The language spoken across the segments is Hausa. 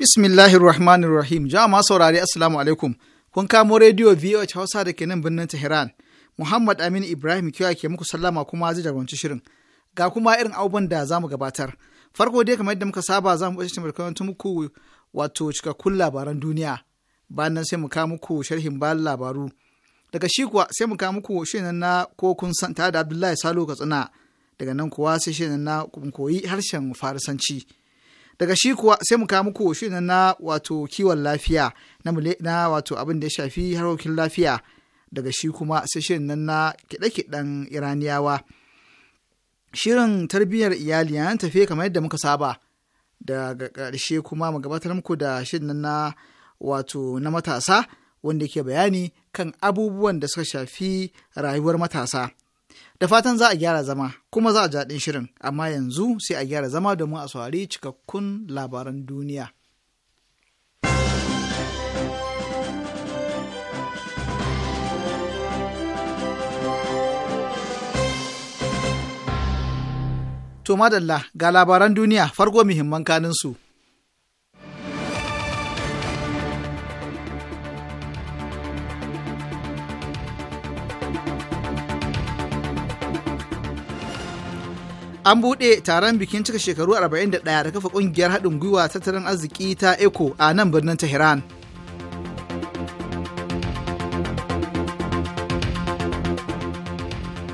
Bismillahirrahmanirrahim. Jama'a saurari Assalamu alaikum. Kun kamo rediyo VOH Hausa da ke nan birnin Tehran. Muhammad Aminu Ibrahim Kiyawa ke muku sallama kuma zai jagoranci shirin. Ga kuma irin abubuwan da za mu gabatar. Farko dai kamar yadda muka saba za mu ɓace ta muku wato cikakkun labaran duniya. Bayan nan sai mu kawo muku sharhin bayan labaru. Daga shi kuwa sai mu kawo muku shirin na ko kun da Abdullahi Salo Katsina. Daga nan kuwa sai shirin na koyi harshen Farisanci. daga shi kuwa sai mu kawo muku shi na wato kiwon lafiya na wato abin da ya shafi harkokin lafiya daga shi kuma sai shi nan na kiɗe-kiɗen iraniyawa shirin tarbiyyar iyali yana tafe kamar yadda muka saba daga ƙarshe kuma mu gabatar muku da shirin nan na wato na matasa wanda ke bayani kan abubuwan da suka shafi rayuwar matasa Da fatan za a gyara zama kuma za a jaɗin shirin, amma yanzu sai a gyara zama domin a saurari cikakkun labaran duniya. To madalla ga labaran duniya farko muhimman kaninsu. an buɗe taron bikin cika shekaru 41 da kafa ƙungiyar haɗin gwiwa tattalin arziki ta eco a nan birnin tehran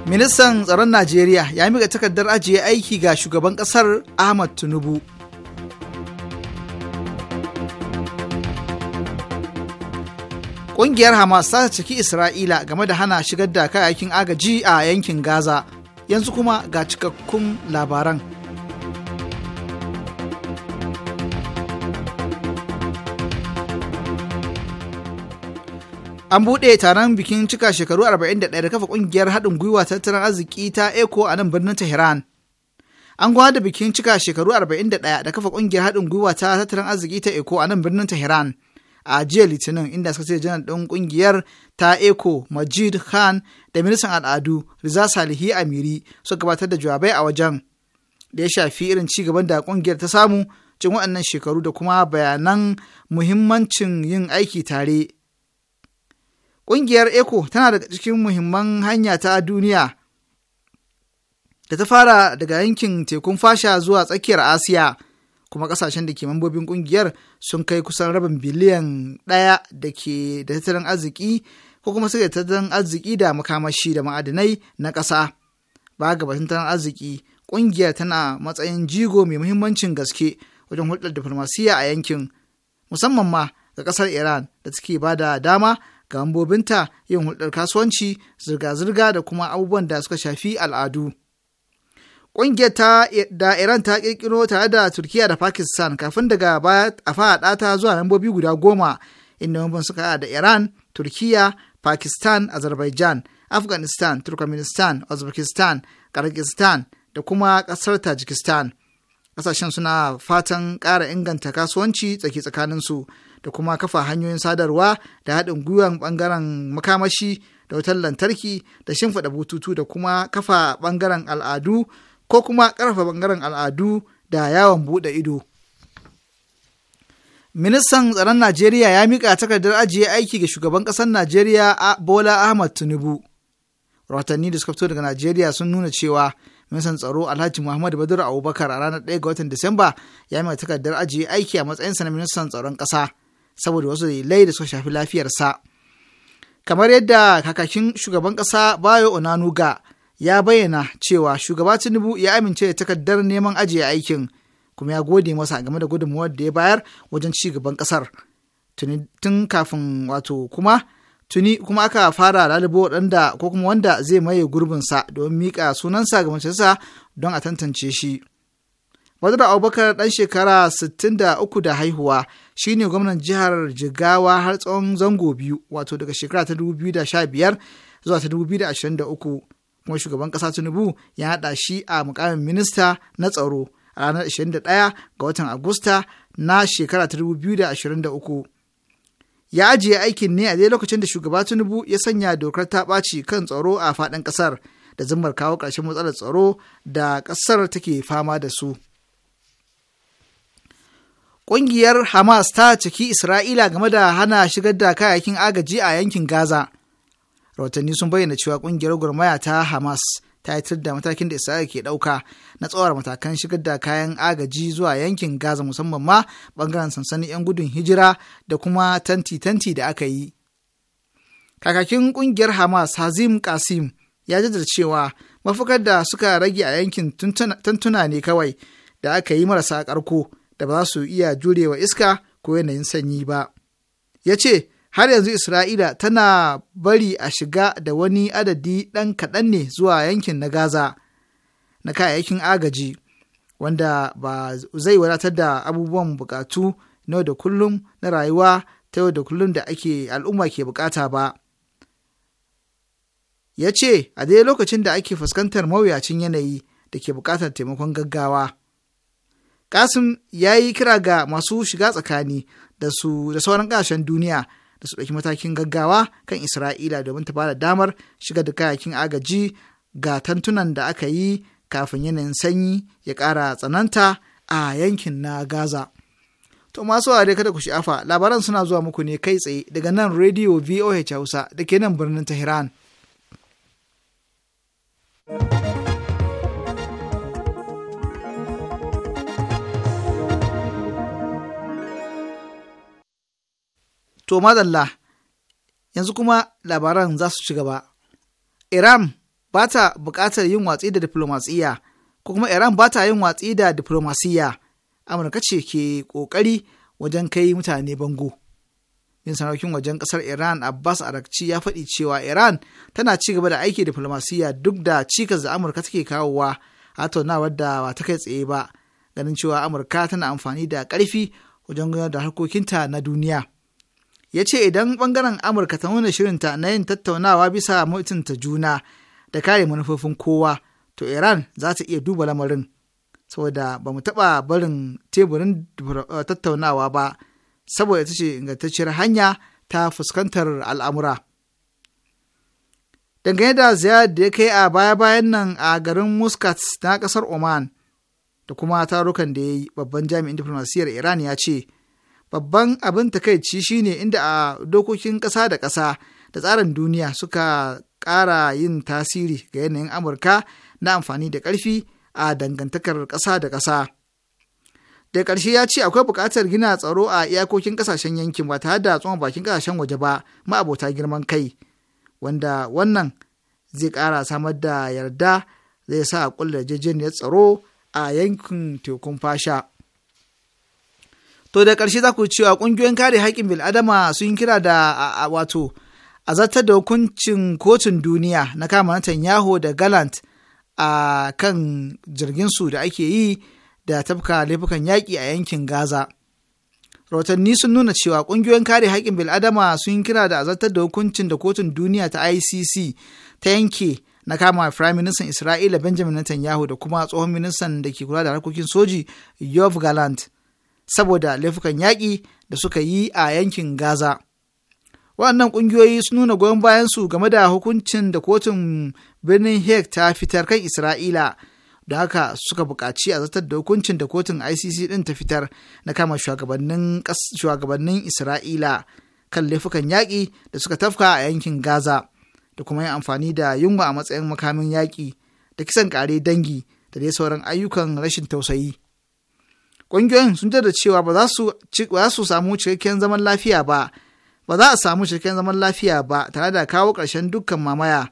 ministan tsaron najeriya ya miƙa takardar ajiye aiki ga shugaban ƙasar ahmad tinubu ƙungiyar hamas ta ciki isra'ila game da hana shigar da kayayyakin agaji a yankin gaza yanzu kuma ga cikakkun labaran an buɗe taron bikin cika shekaru 41 da kafa ƙungiyar haɗin gwiwa tattalin arziki ta eko a nan birnin tehran an gwada bikin cika shekaru 41 da kafa ƙungiyar haɗin gwiwa ta tattalin arziki ta eko a nan birnin tehran a jiya litinin inda suka ce janar ɗin ƙungiyar ta Eko, majid khan da ministan al'adu riza salihi amiri suka gabatar da jawabai a wajen da ya shafi irin ci gaban da ƙungiyar ta samu cikin waɗannan shekaru da kuma bayanan muhimmancin yin aiki tare ƙungiyar Eko tana daga cikin muhimman hanya ta duniya da ta fara daga yankin tekun fasha zuwa tsakiyar asiya kuma kasashen da ke mambobin kungiyar sun kai kusan rabin biliyan ɗaya da ke da tattalin arziki ko kuma suka tattalin arziki da makamashi da ma'adinai na ƙasa ba ga batun tattalin arziki kungiyar tana matsayin jigo mai muhimmancin gaske wajen hulɗar diflomasiyya a yankin musamman ma ga ƙasar iran da take ba da dama ga mambobinta yin hulɗar kasuwanci zirga-zirga da kuma abubuwan da suka shafi al'adu. Ƙungiyar ta da Iran ta ƙirƙiro tare da Turkiya da Pakistan kafin daga baya a faɗa ta zuwa membobi guda goma inda mambobin suka haɗa da Iran, Turkiya, Pakistan, Azerbaijan, Afghanistan, Turkmenistan, Uzbekistan, kargistan da kuma ƙasar Tajikistan. Ƙasashen suna fatan ƙara inganta kasuwanci tsaki tsakaninsu da kuma kafa hanyoyin sadarwa da haɗin gwiwar ɓangaren makamashi da wutar lantarki da shimfiɗa bututu da kuma kafa ɓangaren al'adu ko kuma ƙarfafa bangaren al'adu da yawon buɗe ido. Ministan tsaron Najeriya ya miƙa takardar ajiye aiki ga shugaban ƙasar Najeriya Bola Ahmad Tinubu. Rahotanni da suka fito daga Najeriya sun nuna cewa ministan tsaro Alhaji Muhammad Badar Abubakar a ranar 1 ga watan Disamba ya miƙa takardar ajiye aiki a matsayinsa na ministan tsaron ƙasa saboda wasu dalilai da suka shafi lafiyarsa. Kamar yadda kakakin shugaban ƙasa Bayo Onanuga ya bayyana cewa shugaba Tinubu ya amince da takardar neman ajiye aikin kuma ya gode masa game da gudunmuwar da ya bayar wajen ci gaban kasar Tun kafin wato kuma tuni kuma aka fara lalubo waɗanda ko kuma wanda zai maye gurbinsa don mika sunansa ga majalisa don a tantance shi. Badar Abubakar ɗan shekara 63 da haihuwa shine gwamnan jihar Jigawa har tsawon zango biyu wato daga shekara ta 2015 zuwa ta kuma shugaban ƙasa Tinubu ya haɗa shi a mukamin minista na tsaro a ranar 21 ga watan Agusta na shekara 2023. Ya ajiye aikin ne a dai lokacin da shugaba Tinubu ya sanya dokar ta ɓaci kan tsaro a faɗin ƙasar da zimmar kawo ƙarshen matsalar tsaro da ƙasar take fama da su. Ƙungiyar Hamas ta ciki Isra'ila game da hana shigar da kayayyakin agaji a yankin Gaza. rahotanni sun bayyana cewa ƙungiyar gwarmaya ta hamas ta yi da matakin da isra'ila ke ɗauka na tsawar matakan shigar da kayan agaji zuwa yankin gaza musamman ma bangaren sansanin 'yan gudun hijira da kuma tanti-tanti da aka yi kakakin ƙungiyar hamas hazim kasim ya jaddada cewa mafakar da suka rage a yankin tantuna ne kawai da aka yi marasa karko da ba za su iya jurewa iska ko yanayin sanyi ba ya ce har yanzu Isra'ila tana bari a shiga da wani adadi ɗan kaɗan ne zuwa yankin na Gaza na kayayyakin agaji wanda ba zai wadatar da abubuwan bukatu na da kullum na rayuwa ta yau da kullum da ake al'umma ke bukata ba. Ya ce, a dai lokacin da ake fuskantar mawuyacin yanayi da ke bukatar taimakon gaggawa. Kasim ya yi kira ga masu shiga tsakani da su da sauran ƙasashen duniya da su ɗauki matakin gaggawa kan Isra'ila domin ta bada damar shiga da kayakin agaji ga tantunan da aka yi kafin yanayin sanyi ya ƙara tsananta a yankin na Gaza. To masu wa kada ku sha'afa labaran suna zuwa muku ne kai tsaye daga nan Radio VOH Hausa da ke nan birnin Tehran. To madalla, yanzu kuma labaran za su ci gaba. Iran ba ta buƙatar yin watsi da diflomasiyya, ko kuma Iran ba ta yin watsi da diflomasiyya. Amurka ce ke ƙoƙari wajen kai mutane bango. Yin sanarkin wajen ƙasar Iran Abbas Arakci ya faɗi cewa Iran tana ci gaba da aiki diflomasiyya duk da cikas da Amurka take kawowa a tattaunawar da ba ta kai tsaye ba, ganin cewa Amurka tana amfani da ƙarfi wajen gudanar da harkokinta na duniya. ya ce idan bangaren amurka ta nuna shirinta na yin tattaunawa bisa mutunta juna da kare manufofin kowa to iran za ta iya duba lamarin saboda ba mu taɓa barin teburin eh, tattaunawa ba saboda ta ce ingantacciyar hanya ta fuskantar al'amura dangane da ziyarar da ya kai a baya-bayan nan a garin muscat na kasar oman da kuma tarukan da ya yi babban jami'in diflomasiyyar iran ya ce babban abin takaici shine inda a dokokin ƙasa da ƙasa da tsarin duniya suka ƙara yin tasiri ga yanayin amurka na amfani da ƙarfi a dangantakar ƙasa da ƙasa da ƙarshe ya ce akwai buƙatar gina tsaro a iyakokin ƙasashen yankin ba tare da tsoma bakin ƙasashen waje ba ma'abota girman kai wanda wannan zai ƙara samar da yarda zai sa ƙulla ya tsaro a yankin tekun fasha. to da ƙarshe za ku cewa ƙungiyoyin kare haƙƙin bil'adama sun kira da wato a zartar da hukuncin kotun duniya na kama Netanyahu da galant a kan jirginsu da ake yi da tafka laifukan yaƙi a yankin Gaza. Rahotanni sun nuna cewa ƙungiyoyin kare haƙƙin bil'adama sun kira da azartar da hukuncin da kotun duniya ta ICC ta yanke na kama Firayim Ministan Isra'ila Benjamin Netanyahu da kuma tsohon ministan da ke kula da harkokin soji Yov Galant. saboda laifukan yaƙi da suka yi a yankin Gaza. Waɗannan ƙungiyoyi sun nuna goyon bayansu game da hukuncin da kotun birnin Hague ta fitar kan Isra'ila, da haka suka buƙaci a zartar da hukuncin da kotun ICC ɗin ta fitar na kama shugabannin Isra'ila kan laifukan yaƙi da suka tafka a yankin Gaza, da kuma yin amfani da yunwa a matsayin makamin yaƙi da kisan ƙare dangi da dai sauran ayyukan rashin tausayi. ƙungiyoyin sun da cewa ba za su samu cikakken zaman lafiya ba ba za a samu cikakken zaman lafiya ba tare da kawo ƙarshen dukkan mamaya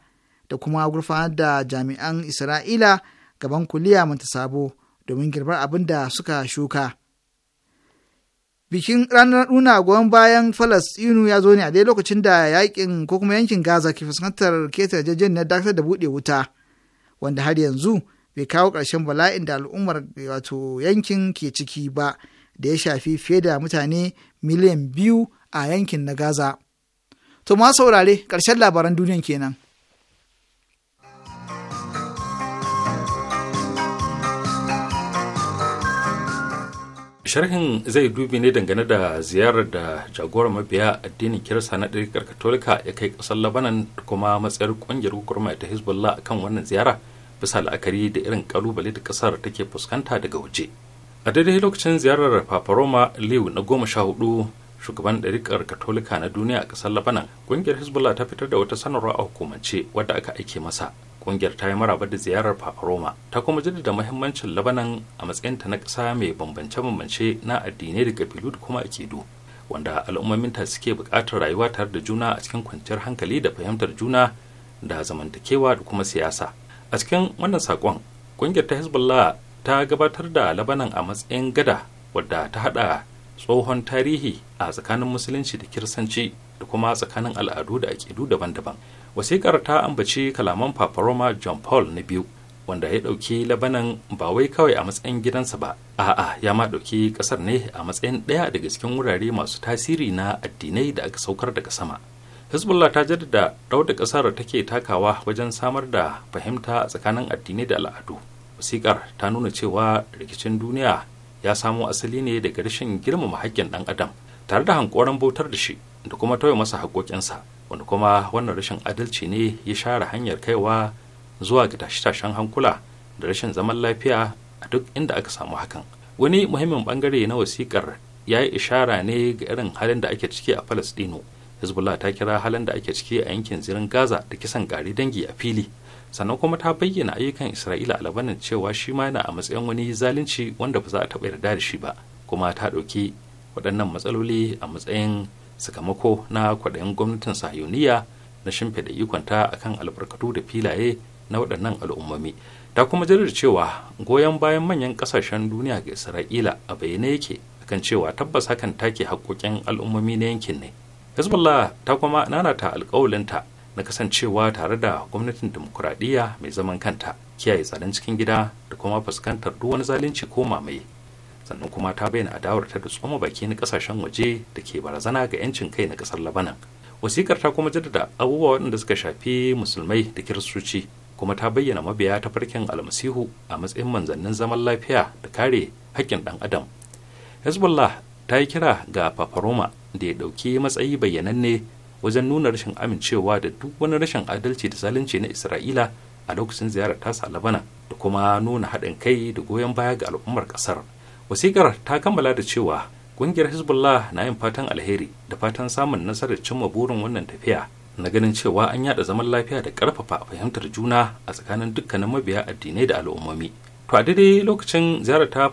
da kuma gurfanar da jami'an isra'ila gaban kuliya manta sabo domin girbar abin da suka shuka bikin ranar nuna goyon bayan falastinu ya zo ne a dai lokacin da yakin ko kuma yankin gaza ke fuskantar keta jajen na dakatar da buɗe wuta wanda har yanzu bai kawo ƙarshen bala'in da al'ummar wato yankin ke ciki ba da ya shafi fiye da mutane miliyan biyu a yankin na Gaza. To ma saurare ƙarshen labaran duniyan kenan. sharhin zai dubi ne dangane da ziyarar da jagorar mabiya addinin kirista na ɗarikar katolika ya kai ƙasar labanan da kuma matsayar ƙungiyar gwagwarmaya ta hezbollah kan wannan ziyara bisa la'akari da irin kalubale da kasar take fuskanta daga waje a daidai lokacin ziyarar paparoma liu na goma sha hudu shugaban ɗarikar katolika na duniya a ƙasar labanan ƙungiyar hezbollah ta fitar da wata sanarwa a hukumance wadda aka aike masa ƙungiyar ta yi maraba da ziyarar paparoma ta kuma jaddada mahimmancin labanan a matsayinta na ƙasa mai bambance-bambance na addinai da ƙabilu da kuma akidu wanda ta suke buƙatar rayuwa tare da juna a cikin kwanciyar hankali da fahimtar juna da zamantakewa da kuma siyasa a cikin wannan saƙon ƙungiyar ta hezbollah ta gabatar da labanan a matsayin gada wadda ta haɗa tsohon tarihi a tsakanin musulunci da kirsanci da kuma tsakanin al'adu da aƙidu daban-daban wasiƙar ta ambaci kalaman roma john paul na biyu wanda ya ɗauki labanan ba wai kawai a matsayin gidansa ba a'a ya ma ɗauki ƙasar ne a matsayin ɗaya daga cikin wurare masu tasiri na addinai da aka saukar daga sama hezbollah ta jaddada rawar da kasar take takawa wajen samar da fahimta tsakanin addinai da al'adu wasikar ta nuna cewa rikicin duniya ya samo asali ne daga rashin girmama haƙƙin ɗan adam tare da hankoran bautar da shi da kuma tauye masa haƙoƙinsa wanda kuma wannan rashin adalci ne ya share hanyar kaiwa zuwa ga tashe-tashen hankula da rashin zaman lafiya a duk inda aka samu hakan wani muhimmin bangare na wasikar ya yi ishara ne ga irin halin da ake ciki a falastino hezbollah ta kira halin da ake ciki a yankin zirin gaza da kisan gari dangi a fili sannan kuma ta bayyana ayyukan isra'ila a labanin cewa shi ma yana a matsayin wani zalunci wanda ba za a taɓa yarda da shi ba kuma ta ɗauki waɗannan matsaloli a matsayin sakamako na kwaɗayin gwamnatin sahiyoniya na shimfiɗa ikonta kan albarkatu da filaye na waɗannan al'ummomi ta kuma jaddada cewa goyon bayan manyan ƙasashen duniya ga isra'ila a bayyane yake kan cewa tabbas hakan take haƙƙoƙin al'ummomi na yankin ne hezbollah ta kuma nanata alkawalinta na kasancewa tare da gwamnatin demokuraɗiyya mai zaman kanta kiyaye tsaron cikin gida da kuma fuskantar duk wani zalunci ko mamaye sannan kuma ta bayyana adawar ta da tsoma baki na kasashen waje da ke barazana ga 'yancin kai na kasar labanan wasikar ta kuma jaddada abubuwa waɗanda suka shafi musulmai da kiristoci kuma ta bayyana mabiya ta farkin almasihu a matsayin manzannin zaman lafiya da kare haƙƙin ɗan adam hezbollah ta yi kira ga fafaroma da ya ɗauki matsayi bayyananne wajen nuna rashin amincewa da duk wani rashin adalci da zalunci na isra'ila a lokacin ziyarar tasa labana da kuma nuna haɗin kai da goyon baya ga al'ummar ƙasar wasikar ta kammala da cewa ƙungiyar hezbollah na yin fatan alheri da fatan samun nasarar cimma burin wannan tafiya na ganin cewa an yaɗa zaman lafiya da ƙarfafa fahimtar juna a tsakanin dukkanin mabiya addinai da al'ummomi to a daidai lokacin ziyarar ta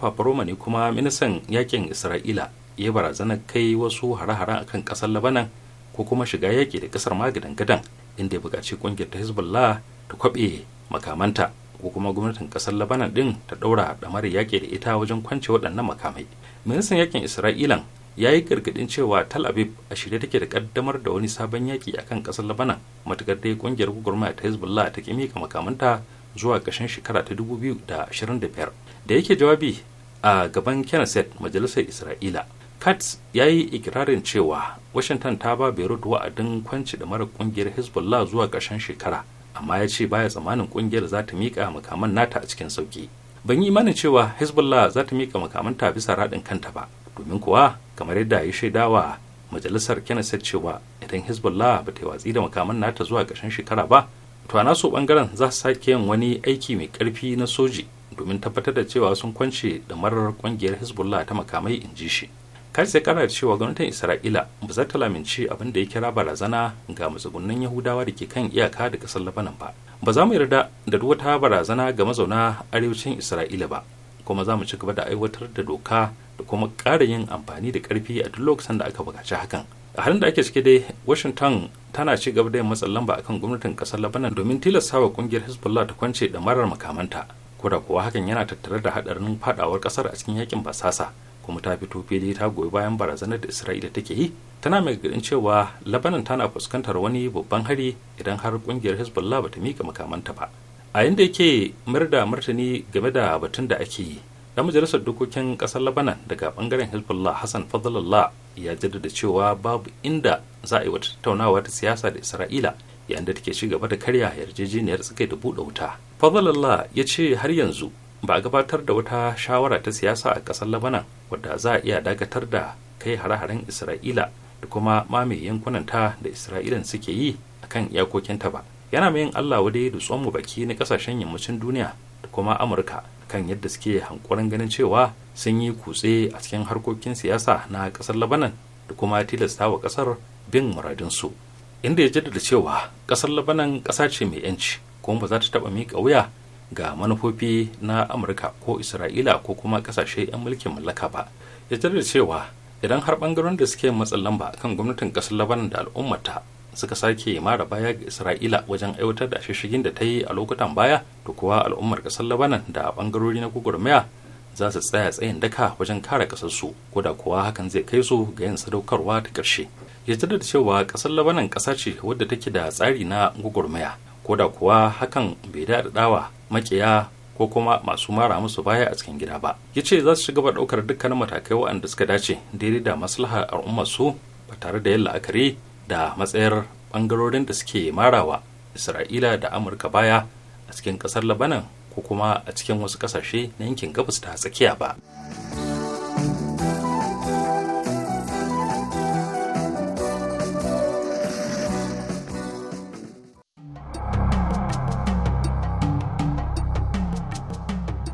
ne kuma ministan yakin isra'ila ya barazana kai wasu hare-hare a kan ƙasar labanan ko kuma shiga yaƙi da ƙasar magidan gadan inda ya buƙaci ƙungiyar ta hezbollah ta kwaɓe makamanta ko kuma gwamnatin ƙasar labanan ɗin ta ɗaura ɗamar yaƙi da ita wajen kwance waɗannan makamai ministan yaƙin isra'ilan ya yi gargaɗin cewa tal aviv a shirye take da ƙaddamar da wani sabon yaƙi a kan ƙasar labanan matuƙar dai ƙungiyar gwagwarmaya ta hezbollah ta ƙi mika makamanta zuwa ƙarshen shekara ta dubu 2025 da yake jawabi a gaban kenneth majalisar isra'ila kat ya yi ikirarin cewa washington ta ba beirut wa'adin kwanci da mara kungiyar hezbollah zuwa ƙarshen shekara amma ya ce baya tsammanin kungiyar za ta miƙa makaman nata a cikin sauki ban yi imanin cewa hezbollah za ta miƙa makamanta bisa raɗin kanta ba domin kuwa kamar yadda ya shaida wa majalisar kenneth cewa idan hezbollah ba ta yi watsi da makaman nata zuwa ƙarshen shekara ba to a naso bangaren za su sake yin wani aiki mai ƙarfi na soji domin tabbatar da cewa sun kwance da marar kungiyar hezbollah ta makamai in ji shi kashi kana kara cewa gwamnatin isra'ila ba za ta lamince abin da ya kira barazana ga matsugunan yahudawa da ke kan iyaka da kasar labanan ba ba za mu yarda da duk wata barazana ga mazauna arewacin isra'ila ba kuma za mu ci gaba da aiwatar da doka da kuma ƙara yin amfani da ƙarfi a duk lokacin da aka buƙaci hakan a halin da ake cike dai washington tana ci gaba da yin matsin lamba akan gwamnatin kasar labanan domin tilasta wa kungiyar hezbollah ta kwance da marar makamanta ko da kuwa hakan yana tattare da haɗarin fadawar kasar a cikin yakin basasa kuma ta fito fili ta goyi bayan barazanar da isra'ila take yi tana mai gadin cewa labanan tana fuskantar wani babban hari idan har kungiyar hezbollah ta mika makamanta ba a yadda yake mayar da martani game da batun da ake yi dan majalisar dokokin kasar labanan daga bangaren hezbollah hassan fadlallah ya jaddada cewa babu inda za a yi wata tattaunawa ta siyasa da isra'ila yayin da take ci gaba da karya yarjejeniyar tsakai da buɗe wuta fadlallah ya ce har yanzu ba a gabatar da wata shawara ta siyasa a ƙasar labanan wadda za a iya dakatar da kai hare-haren isra'ila da kuma yankunan yankunanta da isra'ilan suke yi a kan iyakokinta ba yana mai yin allah wadai da tsohon baki na ƙasashen yammacin duniya da kuma amurka kan yadda suke hankoran ganin cewa sun yi kutse a cikin harkokin siyasa na ƙasar labanan da kuma tilasta wa ƙasar bin muradinsu inda ya jaddada cewa ƙasar labanan ƙasa ce mai yanci kuma ba za ta taɓa miƙa wuya ga manufofi na amurka ko isra'ila ko kuma kasashe 'yan mulkin mallaka ba ya da cewa idan har bangaren da suke matsin lamba kan gwamnatin kasar labanan da al'ummata suka sake mara baya ga isra'ila wajen aiwatar da shishigin da ta yi a lokutan baya to kuwa al'ummar kasar labanan da bangarori na gwagwarmaya za su tsaya tsayin daka wajen kare kasarsu ko da kuwa hakan zai kai su ga yin sadaukarwa ta ƙarshe ya da cewa kasar labanan ƙasa ce wadda take da tsari na gwagwarmaya ko da kuwa hakan bai daɗaɗawa makiya ko kuma masu mara musu baya a cikin gida ba ya ce za su ci gaba ɗaukar dukkanin matakai waɗanda suka dace daidai da maslaha al'ummar su ba tare da yin la'akari da matsayar bangarorin da suke marawa isra'ila da amurka baya a cikin ƙasar labanan ko kuma a cikin wasu ƙasashe na yankin gabas ta tsakiya ba.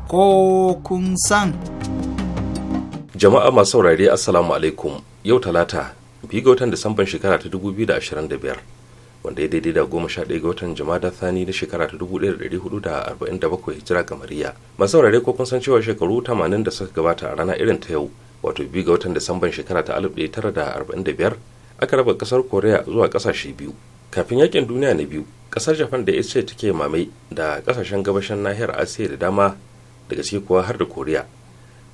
ko kun san. Jama'a masu saurare Assalamu alaikum yau talata biyu ga watan Disamban shekara ta 2025 wanda ya daidai da goma sha ɗaya ga watan Jama'a Thani na shekara ta 1447 hijira Mariya. Masu saurare ko kun san cewa shekaru 80 da suka gabata a rana irin ta yau wato biyu ga watan Disamban shekara ta 1945 aka raba kasar Koriya zuwa kasashe biyu. Kafin yakin duniya na biyu, kasar Japan da ita ce take mamai da kasashen gabashin nahiyar Asiya da dama daga ciki kuwa har da koriya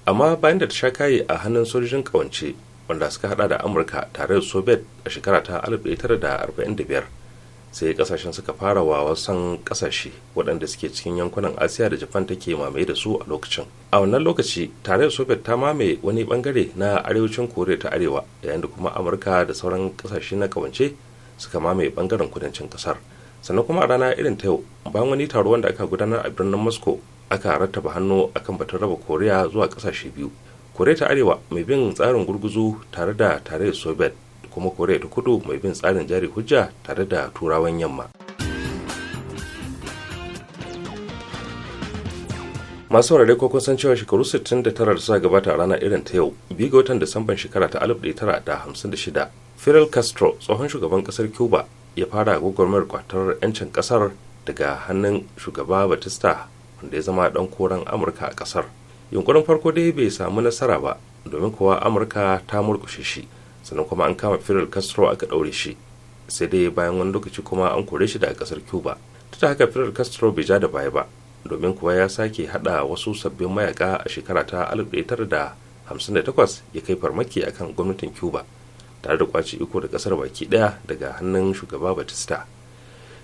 amma bayan da ta sha kayi a hannun sojojin kawance wanda suka hada da amurka tare da soviet a shekara ta 1945 sai kasashen suka fara wa wasan kasashe waɗanda suke cikin yankunan asiya da japan take mamaye da su a lokacin a wannan lokaci tare da soviet ta mamaye wani bangare na arewacin koriya ta arewa yayin da kuma amurka da sauran kasashe na kawance suka mamaye bangaren kudancin kasar sannan kuma a rana irin ta yau bayan wani taro wanda aka gudanar a birnin moscow aka rattaba hannu akan batun raba koriya zuwa kasashe biyu koriya ta arewa mai bin tsarin gurguzu tare da tare soviet kuma koriya ta kudu mai bin tsarin jari hujja tare da turawan yamma masu saurare ko kun san cewa shekaru 69 da suka gabata a ranar irin ta yau biyu ga watan disamban shekara ta 1956 fidel castro tsohon shugaban kasar cuba ya fara gwagwarmar kwatar 'yancin kasar daga hannun shugaba batista wanda ya zama dan koren amurka a kasar yunkurin farko dai bai samu nasara ba domin kuwa amurka ta murkushe shi sannan kuma an kama fidel castro aka ɗaure shi sai dai bayan wani lokaci kuma an kore shi daga kasar cuba ta haka fidel castro bai ja da baya ba domin kuwa ya sake hada wasu sabbin mayaka a shekara ta 1958 ya kai farmaki akan gwamnatin cuba tare da kwaci iko da kasar baki daya daga hannun shugaba batista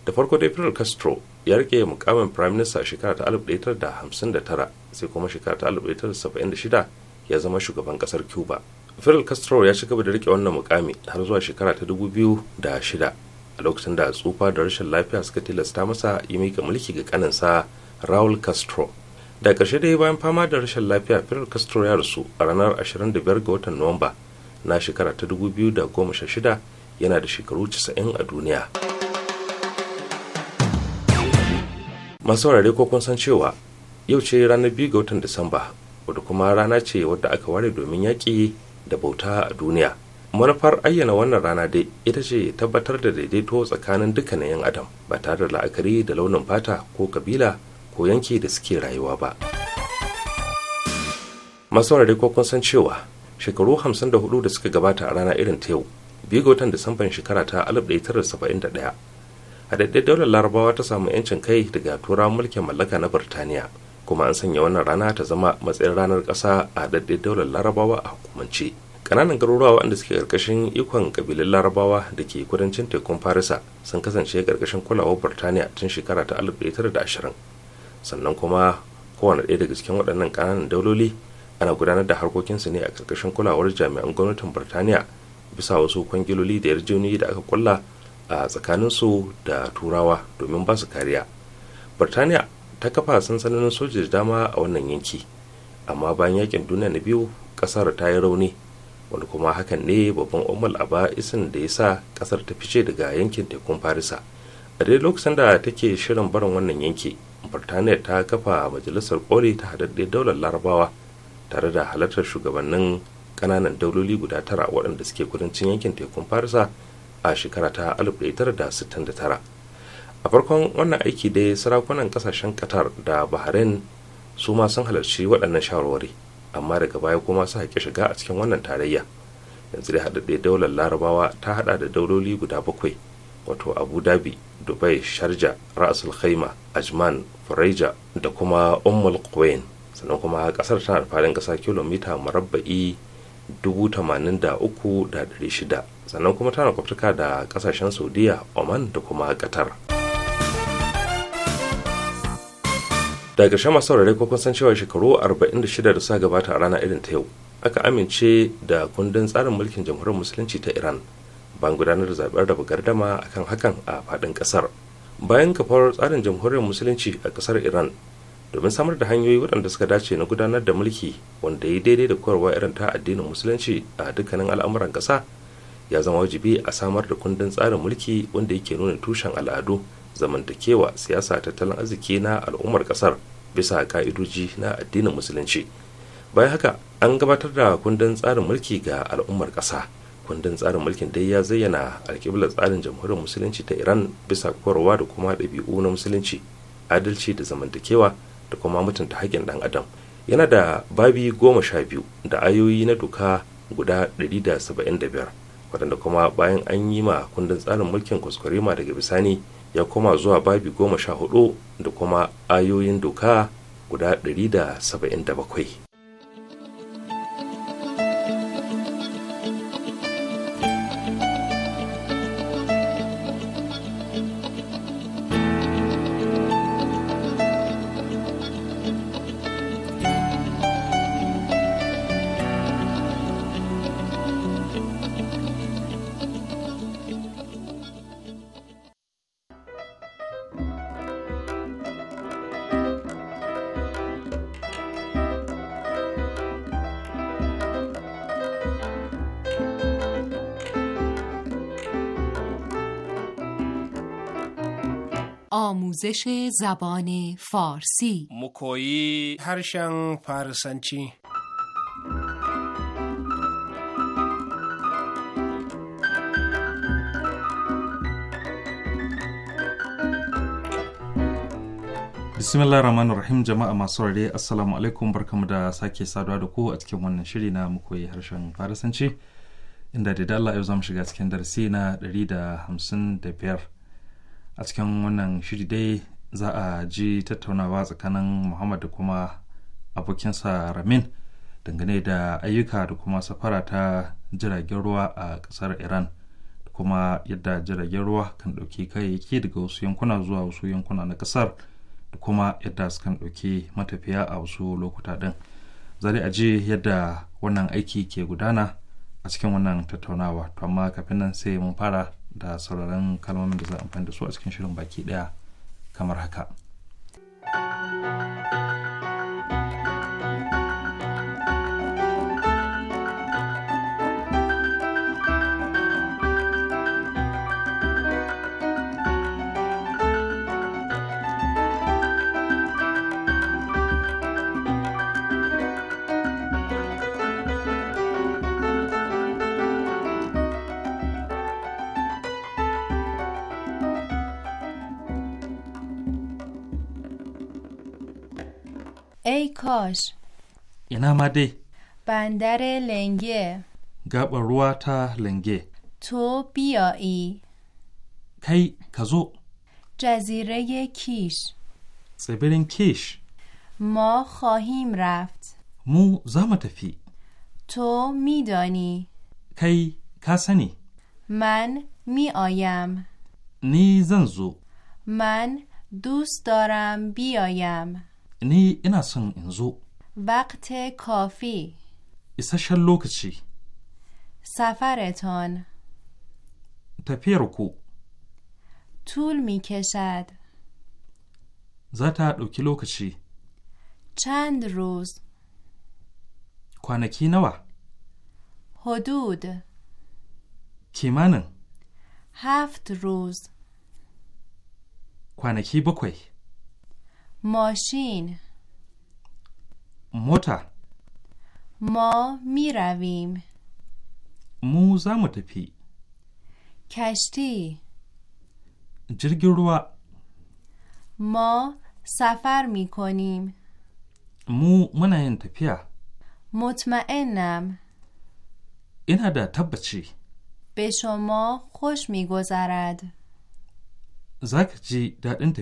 da farko dai fidel castro ya rike mukamin prime minister shekara ta 1959 sai kuma shekara ta 1976 ya zama shugaban kasar cuba fidel castro ya ci gaba da rike wannan mukami har zuwa shekara ta 2006 a lokacin da tsufa da rashin lafiya suka tilasta masa yi mika mulki ga kaninsa raul castro da karshe dai bayan fama da rashin lafiya fidel castro ya rasu a ranar 25 ga watan nuwamba na shekara ta 2016 yana da shekaru 90 a duniya. masu saurare ko kun san cewa yau ce ranar biyu ga watan disamba wadda kuma rana ce wadda aka ware domin yaƙi da bauta a duniya manufar ayyana wannan rana dai ita ce tabbatar da daidaito tsakanin dukkanin 'yan adam ba tare da la'akari da launin fata ko kabila ko yanki da suke rayuwa ba masu saurare ko kun san cewa shekaru 54 da suka gabata a rana irin ta yau biyu ga watan disamban shekara ta 1971 a daidai daular larabawa ta samu 'yancin kai daga turawan mulkin mallaka na birtaniya kuma an sanya wannan rana ta zama matsayin ranar ƙasa a daidai daular larabawa a hukumance kananan garuruwa wanda suke karkashin ikon ƙabilun larabawa da ke kudancin tekun farisa sun kasance karkashin kulawar birtaniya tun shekara ta alif da ashirin. sannan kuma kowane ɗaya daga cikin waɗannan kananan dauloli ana gudanar da harkokinsu ne a karkashin kulawar jami'an gwamnatin birtaniya bisa wasu kwangiloli da yarjejeniyoyi da aka kulla a tsakanin su da turawa domin ba su kariya birtaniya ta kafa sansanin soja da dama a wannan yanki amma bayan yakin duniya na biyu kasar ta yi rauni wani kuma hakan ne babban umar a isin da ya sa kasar ta fice daga yankin tekun farisa a dai lokacin da take shirin barin wannan yanki birtaniya ta kafa majalisar koli ta haɗaɗɗe daular larabawa tare da halartar shugabannin ƙananan dauloli guda tara waɗanda suke kudancin yankin tekun farisa a shekara ta 1969 a farkon wannan aiki dai sarakunan kasashen qatar da bahrain su ma sun halarci waɗannan shawarwari amma daga baya kuma su haƙe shiga a cikin wannan tarayya yanzu dai haɗaɗɗe daular larabawa ta haɗa da dauloli guda bakwai wato abu dhabi dubai sharja ra'asul khaima ajman faraija da kuma ummul quwain sannan kuma ƙasar tana da faɗin ƙasa kilomita marabba'i 83,600 sannan kuma tana kwaftuka da kasashen saudiya oman da kuma qatar daga ƙarshe masu saurare ko kun san cewa shekaru 46 da suka gabata a rana irin ta yau aka amince da kundin tsarin mulkin jamhuriyar musulunci ta iran ban gudanar da zaɓen raba gardama akan hakan a faɗin ƙasar bayan kafar tsarin jamhuriyar musulunci a ƙasar iran domin samar da hanyoyi waɗanda suka dace na gudanar da mulki wanda ya daidai da koyarwa irin ta addinin musulunci a dukkanin al'amuran ƙasa ya zama wajibi a samar da kundin tsarin mulki wanda yake nuna tushen al'adu zamantakewa siyasa tattalin arziki na al'ummar kasar bisa ka'idoji na addinin musulunci bayan haka an gabatar da kundin tsarin mulki ga al'ummar kasa kundin tsarin mulkin dai ya zayyana alkiblar tsarin jamhuriyar musulunci ta iran bisa korowa da kuma ɗabi'u na musulunci adalci da zamantakewa da kuma mutunta haƙƙin ɗan adam yana da babi goma sha biyu da ayoyi na doka guda 175 waɗanda kuma bayan an yi ma kundin tsarin mulkin kuskurema daga bisani ya koma zuwa babi goma sha hudu da kuma ayoyin doka guda da da saba'in bakwai. آموزش زبان فارسی مکویی هرشن فارسنچی bismillah rahman rahim jama'a masu rare assalamu alaikum barkamu da sake saduwa da ku a cikin wannan shiri na mu koyi harshen farisanci inda da Allah yau zamu shiga cikin darasi na 155 a cikin wannan shiri dai za a ji tattaunawa tsakanin muhammad da kuma abokinsa ramin dangane da ayyuka da kuma safara ta jiragen ruwa a ƙasar iran da kuma yadda jiragen ruwa kan ɗauki kayayyaki daga wasu yankuna zuwa wasu yankuna na ƙasar da kuma yadda su kan ɗauki matafiya a wasu lokuta ɗin za a ji yadda wannan aiki ke gudana a cikin wannan tattaunawa to amma kafin nan sai mun fara da sauraron kalmomin da za a amfani da su a cikin shirin baki daya kamar haka. ای کاش اینا مده بندر لنگه گاب رواتا لنگه تو بیایی کی کزو جزیره کیش سبرین کیش ما خواهیم رفت مو فی تو میدانی کی کسنی من می آیم نی زنزو من دوست دارم بیایم ni ina son in zo. Bakte kofi. Isasshen lokaci. Safareton. Tafiyar ku. Tul mi Za ta ɗauki lokaci. Chand roz. Kwanaki nawa. Hudud. Kimanin. Haft roz. Kwanaki bakwai. ماشین موتا ما می رویم مو متپی کشتی جرگروا ما سفر می کنیم مو این تپیا مطمئنم این هده تبچی به شما خوش می گذرد زکجی در این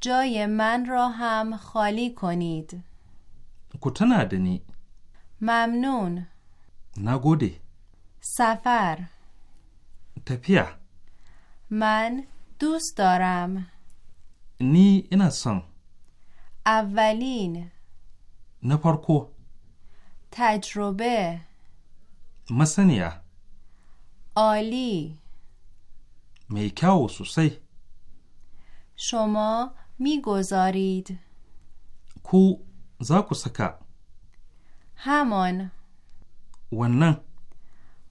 جای من را هم خالی کنید کتنا دنی ممنون نگودی. سفر تپیا من دوست دارم نی این اولین نپارکو تجربه مسنیا عالی و سوسی شما میگذارید کو زاکو سکا همان ونن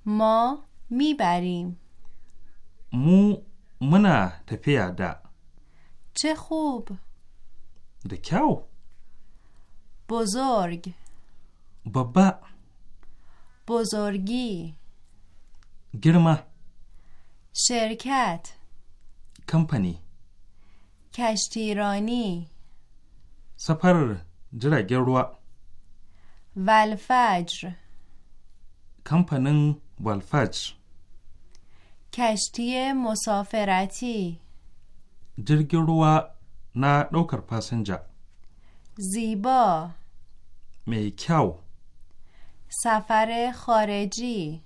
ما میبریم مو منا تپیا دا چه خوب دکاو بزرگ بابا بزرگی گرما شرکت کمپانی کشتیرانی سفر جرگه روا والفجر کمپنین والفجر کشتی مسافرتی جرگه روا نا دوکر پاسنجا زیبا میکیاو سفر خارجی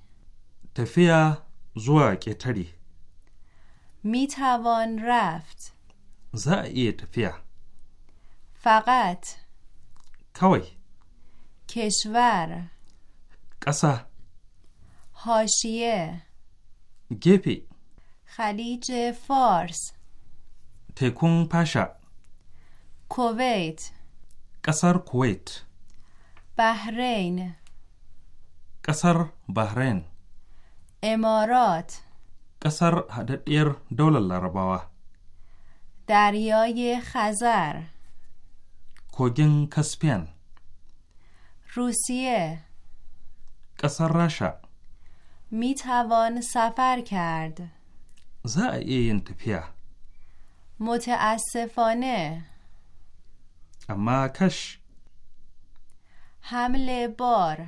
تفیه زوا کتری می توان رفت za فیا فقط کاوی کشور قصه هاشیه گپی خلیج فارس تکون پاشا کویت قصر کویت بحرین قصر بحرین امارات قصر هددیر دوله لرباوه دریای خزر کوگن کسپین روسیه قصر راشا می توان سفر کرد این تپیا متاسفانه اما کش حمل بار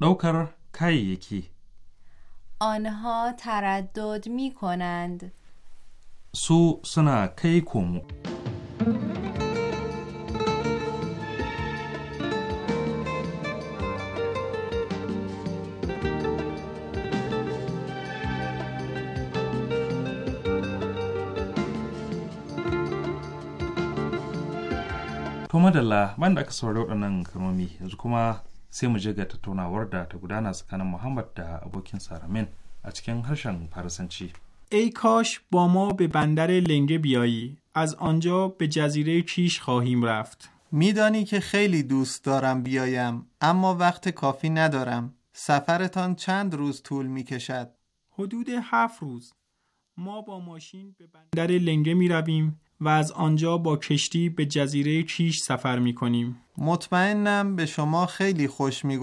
دوکر کاییکی آنها تردد می کنند su suna kai komo. To madalla banda aka saurari waɗannan kalmomi yanzu kuma sai mu je ga tattaunawar da ta gudana tsakanin Muhammad da abokin Saramin a cikin harshen faransanci. ای کاش با ما به بندر لنگه بیایی از آنجا به جزیره کیش خواهیم رفت میدانی که خیلی دوست دارم بیایم اما وقت کافی ندارم سفرتان چند روز طول می کشد؟ حدود هفت روز ما با ماشین به بندر لنگه می رویم و از آنجا با کشتی به جزیره کیش سفر می کنیم مطمئنم به شما خیلی خوش می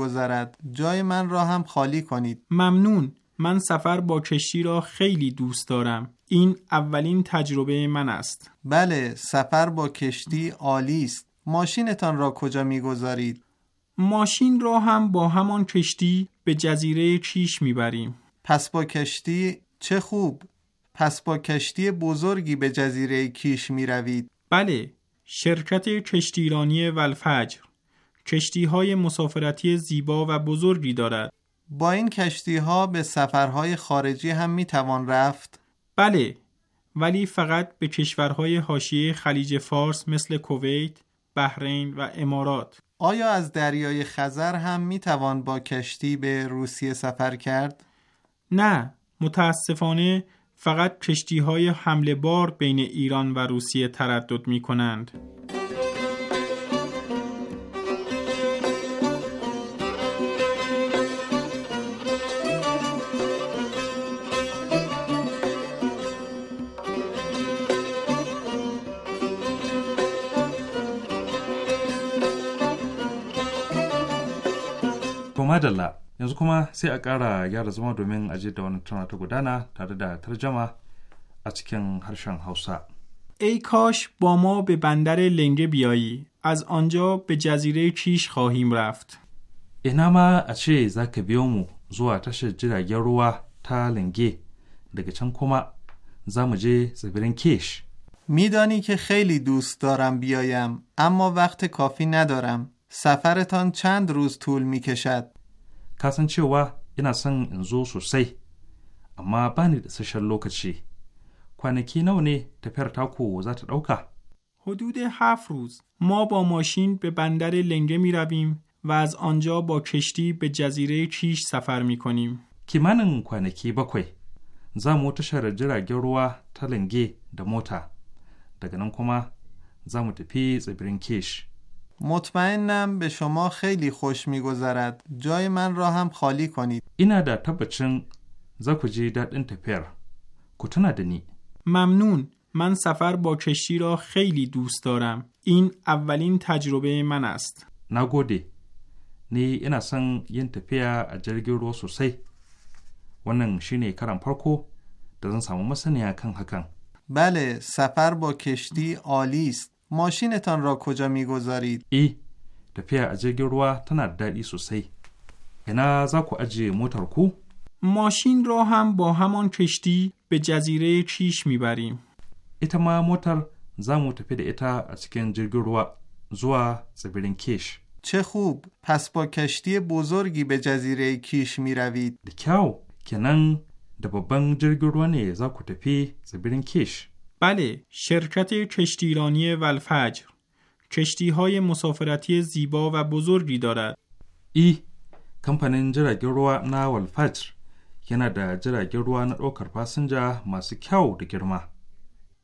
جای من را هم خالی کنید ممنون من سفر با کشتی را خیلی دوست دارم این اولین تجربه من است بله سفر با کشتی عالی است ماشینتان را کجا میگذارید ماشین را هم با همان کشتی به جزیره کیش میبریم پس با کشتی چه خوب پس با کشتی بزرگی به جزیره کیش می روید. بله، شرکت کشتیرانی ولفجر کشتی های مسافرتی زیبا و بزرگی دارد. با این کشتی ها به سفرهای خارجی هم می توان رفت؟ بله ولی فقط به کشورهای حاشیه خلیج فارس مثل کویت، بحرین و امارات. آیا از دریای خزر هم می توان با کشتی به روسیه سفر کرد؟ نه، متاسفانه فقط کشتی های حمله بار بین ایران و روسیه تردد می کنند. madalla yanzu kuma sai a kara gyara zama domin aje da wani tana ta gudana tare da tarjama a cikin harshen hausa ای کاش با ما به بندر لنگه بیایی از آنجا به جزیره کیش خواهیم رفت اینا ما اچه زک بیومو زوا تش جراغی روا تا لنگه دگه چند کما زمجه زبرین کیش میدانی که خیلی دوست دارم بیایم اما وقت کافی ندارم سفرتان چند روز طول می کشد ka san cewa ina son in zo sosai amma ba ni da sashen lokaci kwanaki nawa ne tafiyar taku za ta ɗauka حدود هفت روز ما با ماشین به بندر لنگه می رویم و از آنجا با کشتی به جزیره کیش سفر می کنیم. kimanin kwanaki bakwai za mu tashar jiragen ruwa ta lange da mota daga nan kuma za mu tafi tsibirin kesh مطمئنم به شما خیلی خوش میگذرد جای من را هم خالی کنید اینا دا تبچن زکو جی داد انتپر کتنا دنی ممنون من سفر با کشتی را خیلی دوست دارم این اولین تجربه من است نگودی نی اینا سن ین تپیا اجرگی رو سوسی wannan shine karan پرکو. da zan samu masaniya kan hakan. Bale, safar ba کشتی است. ماشینتان را کجا میگذارید؟ ای تپیا اجگی روا تنا دادی سوسی اینا زا کو اجی موتر کو ماشین را هم با همان کشتی به جزیره کیش میبریم ایتا ما موتر زا مو تپی ایتا اچکن جرگی روا زوا سبیرین کیش چه خوب پس با کشتی بزرگی به جزیره کیش می روید دکاو کنن دبابن جرگی روا نه زا کو تپی سبیرین کیش بله شرکت کشتیرانی ولفجر کشتی مسافرتی زیبا و بزرگی دارد ای کمپانی جرگی روا نا ولفجر یعنی دا جرگی روا نرو کرپاسنجا ماسی کیاو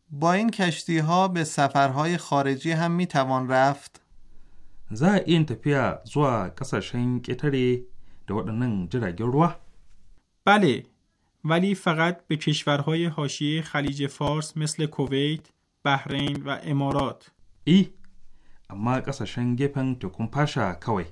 با این کشتی ها به سفرهای خارجی هم می توان رفت زا این تپیا زوا کساشن کتری دوادنن جرگی روا بله ولی فقط به کشورهای حاشیه خلیج فارس مثل کویت، بحرین و امارات. ای اما قصشن گپن تکون پاشا کوی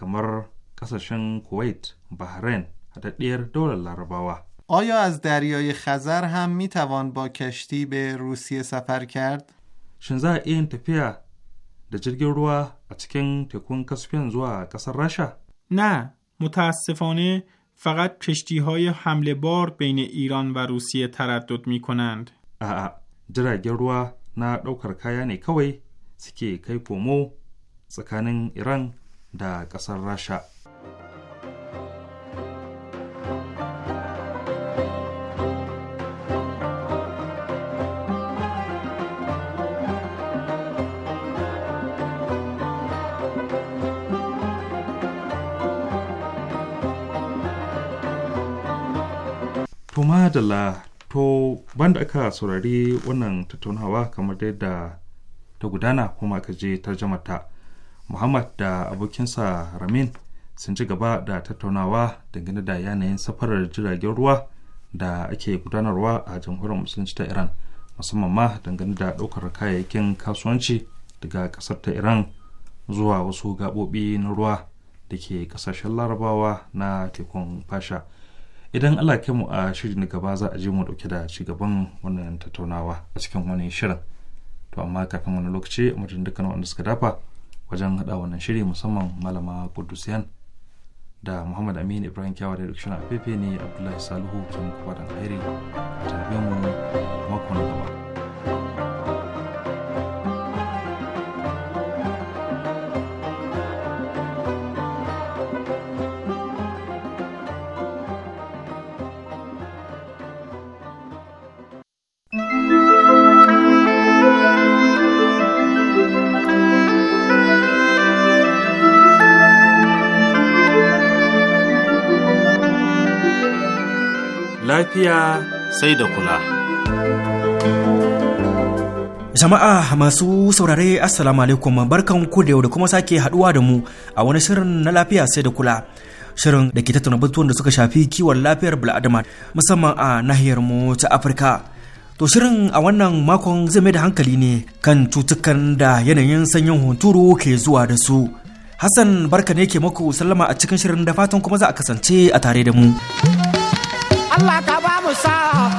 کمر قصشن کویت، بحرین، حتی دیر دول لارباوه. آیا از دریای خزر هم می توان با کشتی به روسیه سفر کرد؟ شنزا این تپیا د jirgin روا اتکن تکون کسپین زوا قصر راشا؟ نه متاسفانه فقط کشتی های حمله بار بین ایران و روسیه تردد می کنند. آه جراجی نا دو کرکایا کوی سکی کوی کومو سکانن ایران دا قصر راشا. To la to banda aka saurari wannan tattaunawa kamar yadda ta gudana kuma aka je tarjamata Muhammad da abokinsa Ramin sun ci gaba da tattaunawa dangane da yanayin safarar jiragen ruwa da ake gudanarwa a jamhuriyar musulunci ta Iran musamman ma dangane da ɗaukar kayayyakin kasuwanci daga ƙasar ta Iran zuwa wasu gaɓoɓi na ruwa da ke ƙasashen larabawa na tekun fasha. idan Allah mu a shirin gaba za a je mu dauke da shugaban wannan tattaunawa a cikin wani shirin to amma kafin wani lokaci a mutum dukkan wanda suka dafa wajen hada wannan shiri musamman malama kudusiyan da muhammad amin ibrahim kyawa da rikishin a fefe ne abdullahi salihu ke kwadan fatan alheri a tarbe mu makon gaba. lafiya sai da kula. Jama'a masu saurare Assalamu alaikum barkan ku da yau da kuma sake haduwa da mu a wani shirin na lafiya sai da kula. Shirin da ke tattauna batuwan da suka shafi kiwon lafiyar bil'adama musamman a nahiyar mu ta Afirka. To shirin a wannan makon zai mai da hankali ne kan cutukan da yanayin sanyin hunturu ke zuwa da su. Hassan barka ne ke maku sallama a cikin shirin da fatan kuma za a kasance a tare da mu. Allah ka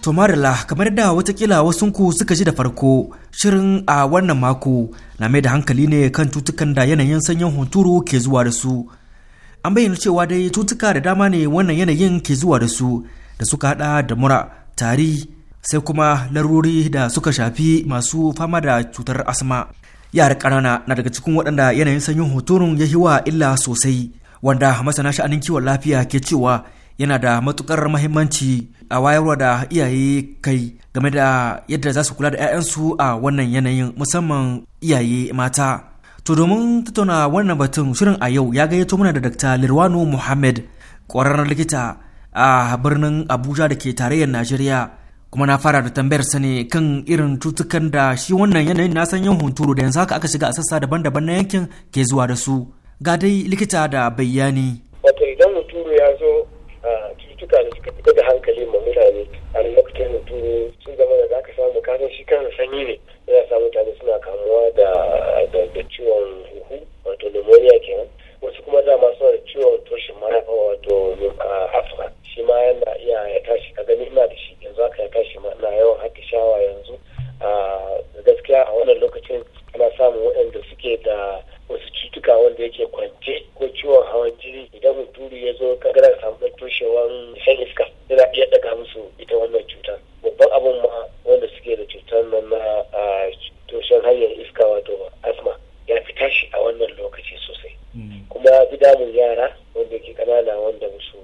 To Marila, kamar da watakila wasunku suka ji da farko, shirin a wannan mako na mai da hankali ne kan cutukan da yanayin sanyin hunturu ke zuwa da su. An bayyana cewa dai cutuka da dama ne wannan yanayin ke zuwa da su da suka hada da mura, tari, sai kuma larurori da suka shafi masu fama da cutar asma. Yara ƙanana na daga cikin waɗanda yanayin sanyin hunturun ya wa illa sosai, wanda masana sha'anin kiwon lafiya ke cewa yana da matukar mahimmanci a wayarwa da iyaye kai game da yadda za su kula da 'ya'yansu a wannan yanayin musamman iyaye mata to domin tattauna wannan batun shirin a yau ya gayyato mana da dr lirwano muhammad ƙwararren likita a birnin abuja da ke tarayyar najeriya kuma na fara da tambayar sa ne kan irin cutukan da shi wannan yanayin na san yin hunturu da yanzu haka aka shiga a sassa daban-daban na yankin ke zuwa da su ga dai likita da bayani wato idan mutane da suka fita da hankali ma mutane a lokacin mutum sun zama da zaka samu kasa shi kan sanyi ne za samu mutane suna kamuwa da da ciwon huhu wato pneumonia kenan wasu kuma dama suna da ciwon toshin mahaifa wato afra shi ma yana iya ya tashi ka gani ina da shi yanzu haka ya tashi ma ina yawan haka shawa yanzu a gaskiya a wannan lokacin ana samun waɗanda suke da wasu cutuka wanda yake kwance ko ciwon hawan jini idan muturi ya zo kagara samu ɗan toshewan shan iska yana iya ɗaga musu ita wannan cutar babban abun ma wanda suke da cutar nan na toshen hanyar iska wato asma ya fi tashi a wannan lokaci sosai hmm. kuma bi damun yara wanda ke kanana wanda musu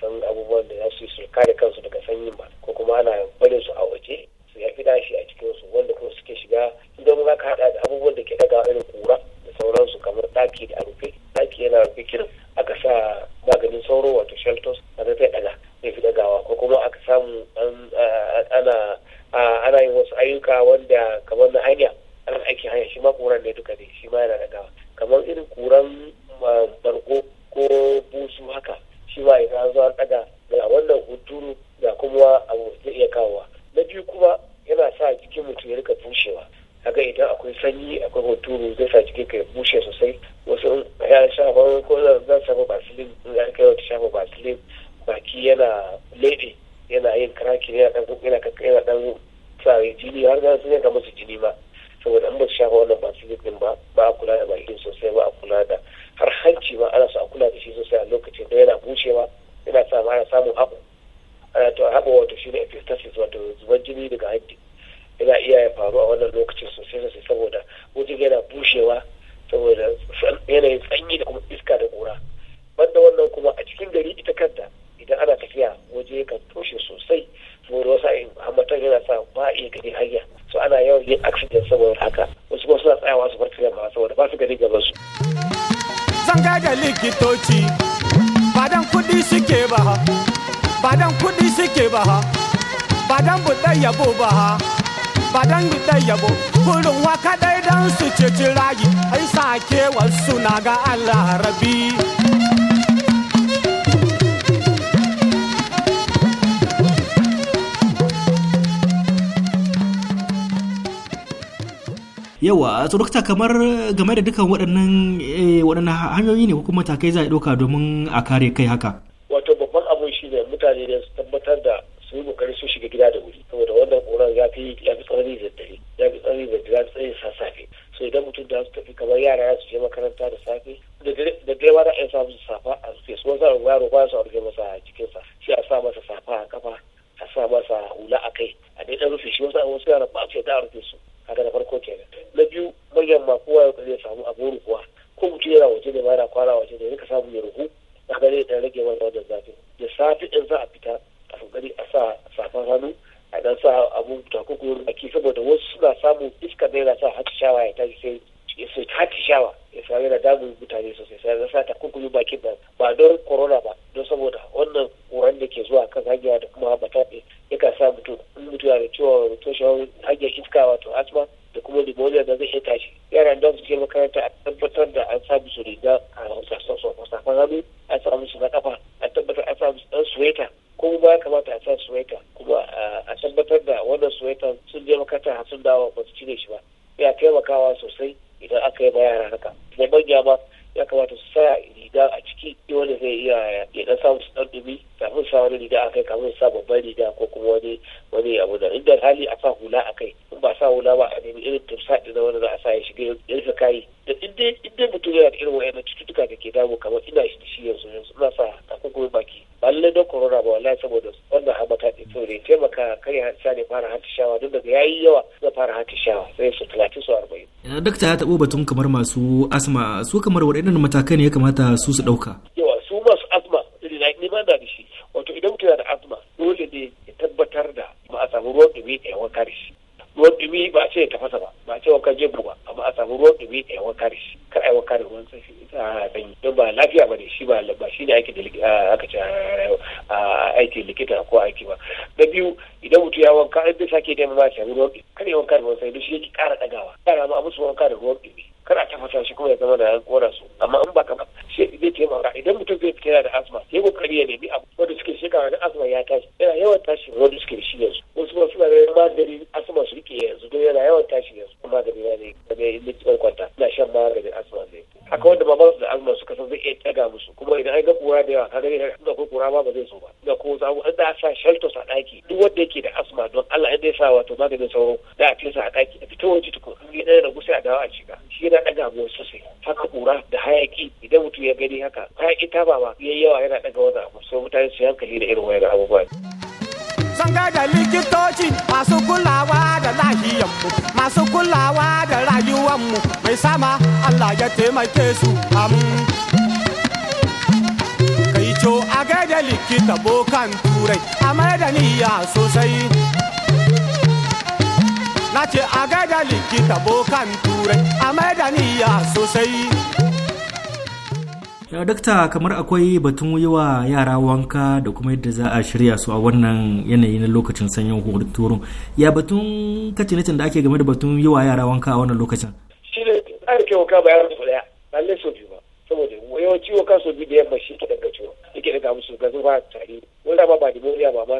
san abubuwan da za su yi su kare kansu daga sanyi ba ko kuma ana barin su a waje su ya fi tashi a cikin wasu wanda kuma suke shiga idan za ka haɗa da abubuwan da ke daga irin kura sauransu kamar ɗaki da rufe ɗaki yana rufe kirin aka sa maganin sauro wato shelters a zai daga zai fi dagawa ko kuma aka samu ana ana yin wasu ayyuka wanda kamar na hanya an aiki hanya shi ma kuran ne duka ne shi ma yana dagawa kamar irin kuran barko ko busu haka shi ma idan zuwa daga kamar game da dukan waɗannan eh, hanyoyi ne ko kuma takai za a ɗauka domin a kare kai haka wani wani abu da inda hali a sa hula a kai in ba sa hula ba a nemi irin tumsa ɗin wanda za a sa ya shiga ya rufe kayi da inda mutum yana da irin wa'annan cututtuka da ke damu kamar ina shi da shi yanzu yanzu ina sa takunkumin baki ba lallai don corona ba wallahi saboda wannan ta ɗin to ne taimaka kai ya sa ne fara shawa don daga yayi yawa zai fara shawa sai su talatin su arba'in. dakta ya taɓo batun kamar masu asma su kamar waɗannan matakai ne ya kamata su su ɗauka. samu ruwan dumi a yawan kare shi ruwan dumi ba a ce ya tafasa ba ba a ce wanka jebu ba amma a samu ruwan dumi a yawan kare shi kar a yi wanka da ruwan sanyi a sanyi don ba lafiya ba ne shi ba ba shi ne aiki da aka ce aiki likita ko aiki ba na biyu idan mutum ya wanka in bai sake da a samu ruwan dumi kar ya wanka da ruwan sanyi don shi yake ƙara ɗagawa yara ma a musu wanka da ruwan dumi kar a tafasa shi kuma ya zama da an kora su amma in ba kamar zai taimaka idan mutum zai fita da asma ya kokari ya nemi abu wanda suke shekara wani asma ya tashi yana yawan tashi wanda suke shi yanzu wasu ba suna da magani asma su rike yanzu don yana yawan tashi yanzu magani na ne da ne kwanta na shan maganin asma ne haka wanda ba su da azuma suka san zai iya taga musu kuma idan an ga kura da yawa kaga ne da akwai kura ma ba zai so ba da ko za an da sa shelter a daki duk wanda yake da asma don Allah in dai sa wato maganin sauro da a fesa a daki a fito waje tukun in dai ragu sai a dawo a shiga shi yana daga mu sosai haka kura da hayaki idan mutum ya gani haka hayaki ita ba ba yayi yawa yana daga wani abu so mutane su hankali da irin da abubuwa. Zanga da likitoci masu kulawa da lahiyanmu masu kulawa da rayuwanmu mai sama Allah ya taimake su kai co a gaida likita bokan turai a da sosai na ce a gaida likita bokan turai a da sosai dakta kamar akwai batun yi wa yara wanka da kuma yadda za a shirya su a wannan yanayi na lokacin sanyin huturu ya batun kacinitin da ake game da batun yi wa yara wanka a wannan lokacin shi ne an ke wanka ba yaran su daya lalle so biyu ba saboda yawanci wanka so biyu da yamma shi ke daga ciwo yake daga musu ga zuwa tari wanda ba ba pneumonia ba ma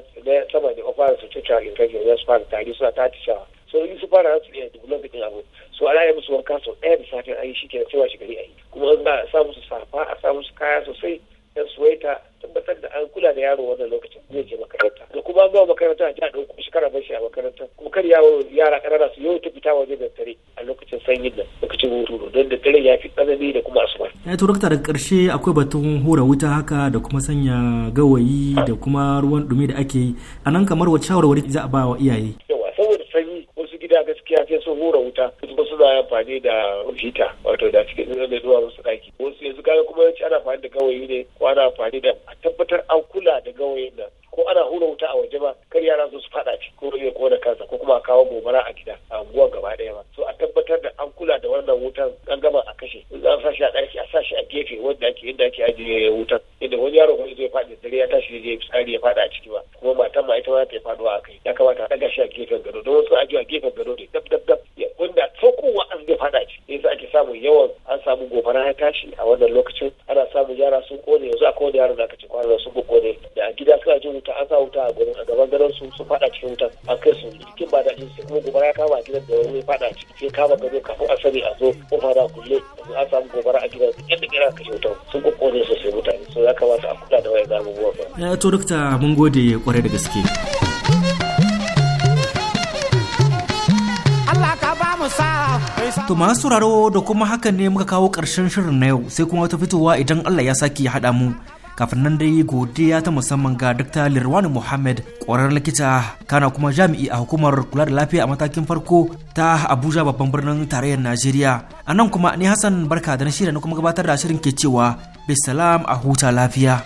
saba da ofar su cuta infection za su fara tari suna ta tishawa so in su fara su iya duk lokacin abu su ana musu wanka sau ɗaya da safe ayi shi ke da cewa shi gari ayi kuma in ba a sa musu safa a sa musu kaya sosai dan suwaita tabbatar da an kula da yaro wannan lokacin zai je makaranta da kuma zuwa makaranta a ɗauko shi kara bashi a makaranta kuma kar yawo yara ƙanana su yau ta fita waje da dare a lokacin sanyin nan lokacin hutu don da dare ya fi tsanani da kuma asuba. ya eh, to daga karshe akwai batun hura wuta haka da kuma sanya gawayi da kuma ruwan ɗumi da ake yi a nan kamar wacce shawarwari za a ba wa iyaye. yawa gaskiya sai sun hura wuta kuma suna amfani da hita wato da cikin zai da zuwa wasu daki wasu yanzu kaga kuma yanci ana amfani da gawayi ne ko ana amfani da a tabbatar an kula da gawayin nan ko ana hura wuta a waje ba kar yara su faɗa ci ko rage kona kansa ko kuma a kawo gobara a gida a unguwar gaba ɗaya ba so a tabbatar da an kula da wannan wutan an gama a kashe in za a sa shi a ɗaki a sa shi a gefe wanda ake inda ake ajiye wutan inda wani yaro wani zai faɗi dare ya tashi ya je fitsari ya faɗi wanda zai kafin asali a zo ko fara kulle a samu gobara a gidan da kira ka kyauta sun su sosai mutane so ya kamata a kula da zamu abubuwa ba. to dokta mun gode kwarai da gaske. To masu sauraro da kuma hakan ne muka kawo ƙarshen shirin na yau sai kuma wata fitowa idan Allah ya sake ya haɗa mu kafin nan dai godiya ta musamman ga dr Lirwanu muhammad ƙwarar likita kana kuma jami'i a hukumar kula da lafiya a matakin farko ta abuja babban birnin tarayyar najeriya a nan kuma ni hassan barka da na shirya na kuma gabatar da shirin ke cewa bisalam a huta lafiya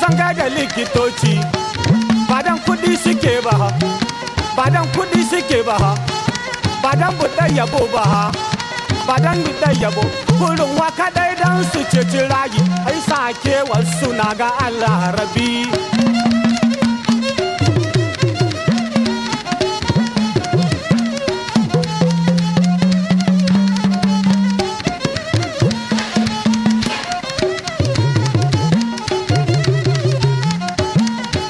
zanga da likitoci badan kudi suke ba badan kudi suke ba badan buɗe yabo ba badan buɗe yabo kurin waka kaɗai dan su rayu ai sake wasu na ga Allah rabi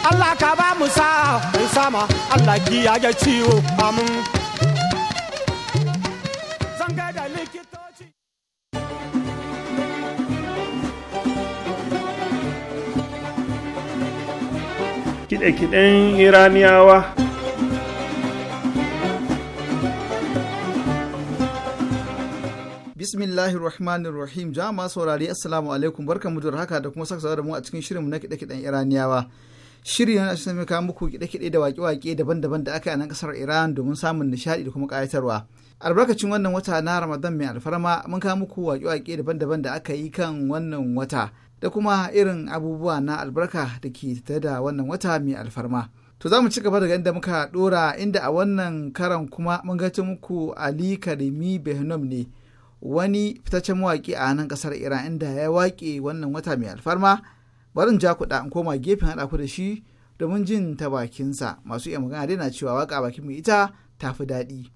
Allah ka ba mu sa sama Allah ki ya ciwo amin kide-kiden iraniyawa bismillahir rahmanir rahim jama saurari assalamu alaikum barkamu da haka da kuma saka da mu a cikin shirinmu na kide-kiden iraniyawa shirin yana shi kawo muku kiɗe-kiɗe da waƙe-waƙe daban-daban da aka yi a nan kasar iran domin samun nishaɗi da kuma ƙayatarwa albarkacin wannan wata na ramadan mai alfarma mun kawo muku waƙe-waƙe daban-daban da aka yi kan wannan wata da kuma irin abubuwa na albarka da ke tattare da wannan wata mai alfarma. To za mu ci gaba daga inda muka dora inda a wannan karan kuma mun ga muku Ali Karimi Behnom ne wani fitaccen mawaƙi a nan ƙasar Iran inda ya waƙe wannan wata mai alfarma barin ja kuɗa in koma gefen haɗa ku da shi domin jin ta bakinsa masu iya magana dai na cewa waka bakin mai ita tafi daɗi.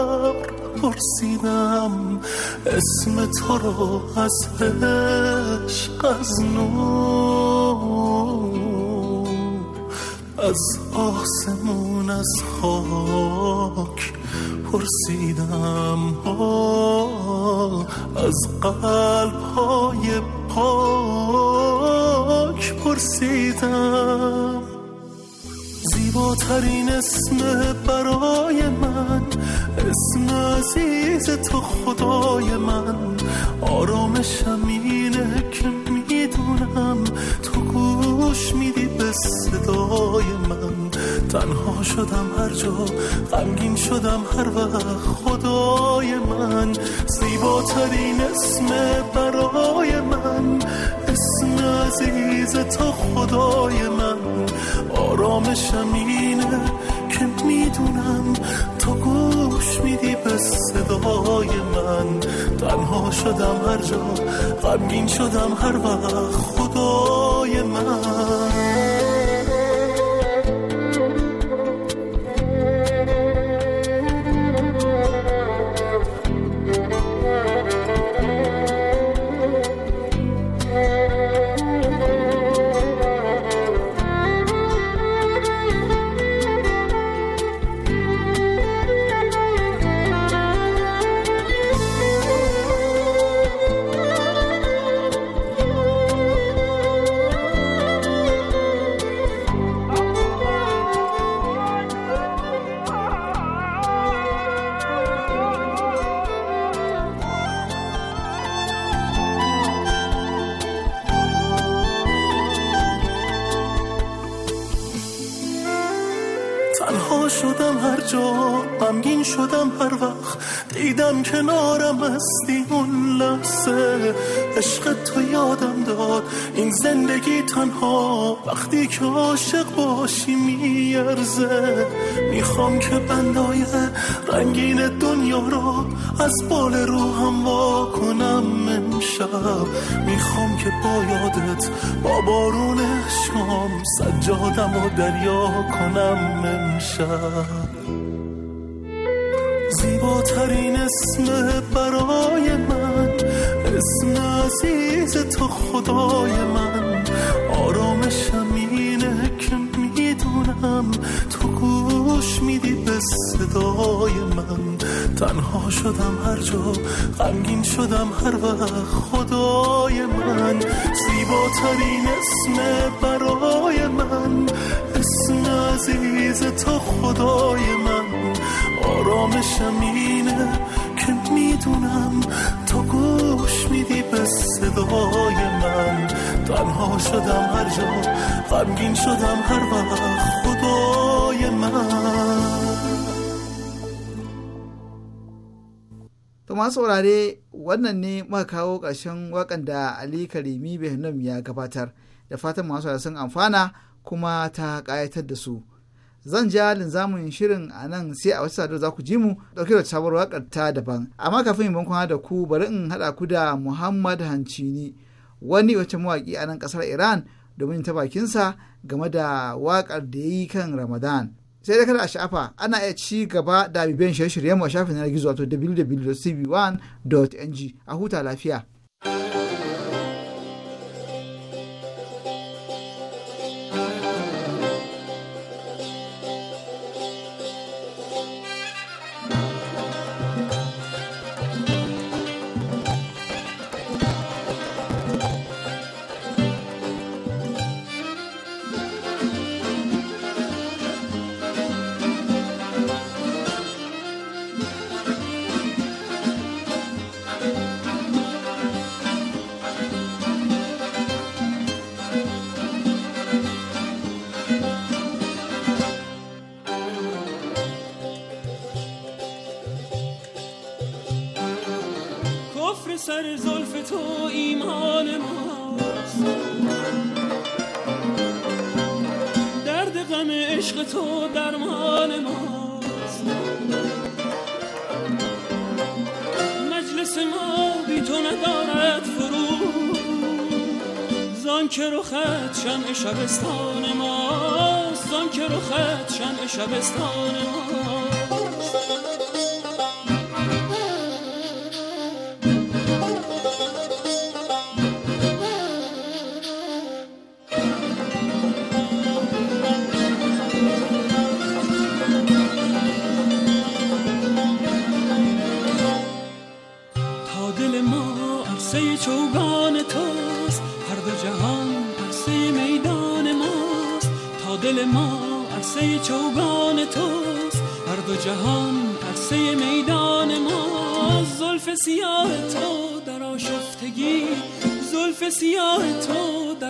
پرسیدم اسم تو رو از عشق از نو از آسمون از خاک پرسیدم از قلب های پاک پرسیدم زیباترین اسم برای من اسم عزیز تو خدای من آرامشم اینه که میدونم تو گوش میدی به صدای من تنها شدم هر جا غمگین شدم هر وقت خدای من زیباترین اسم برای من اسم عزیز تو خدای من آرامشم اینه که میدونم تو گوش گوش میدی به صدای من تنها شدم هر جا غمگین شدم هر وقت خدای من اشقت عشق تو یادم داد این زندگی تنها وقتی که عاشق باشی میارزه میخوام که بندای رنگین دنیا را از بال روحم وا کنم امشب میخوام که با یادت با بارون شام سجادم و دریا کنم امشب زیباترین اسم برای من اسم عزیز تو خدای من آرامشم اینه که میدونم تو گوش میدی به صدای من تنها شدم هر جا غمگین شدم هر وقت خدای من زیباترین اسم برای من اسم عزیز تو خدای من آرامشم اینه میدونم تو گوش میدی به صدای من تنها شدم هر جا غمگین شدم هر وقت خدای من To masu saurare wannan ne muka kawo ƙarshen wakan da Ali Karimi Behnam ya gabatar da fatan masu sun amfana kuma ta ƙayatar da su. zan ja linzamin shirin a nan sai a wasu sadar za ku ji mu ɗauke da sabuwar wakar ta daban amma kafin in bankwana da ku bari in haɗa ku da muhammad hancini wani wacce mawaƙi a nan ƙasar iran domin ta bakinsa game da wakar da ya yi kan ramadan sai dai kada a sha'afa ana iya ci gaba da bibiyan shirye-shiryen mu a shafin yanar gizo wato www.cb1.ng a huta lafiya. زان که رو خط شمع شبستان ماست زان که رو خط شمع شبستان ماست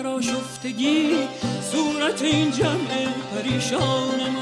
در آشفتگی صورت این جمع پریشانم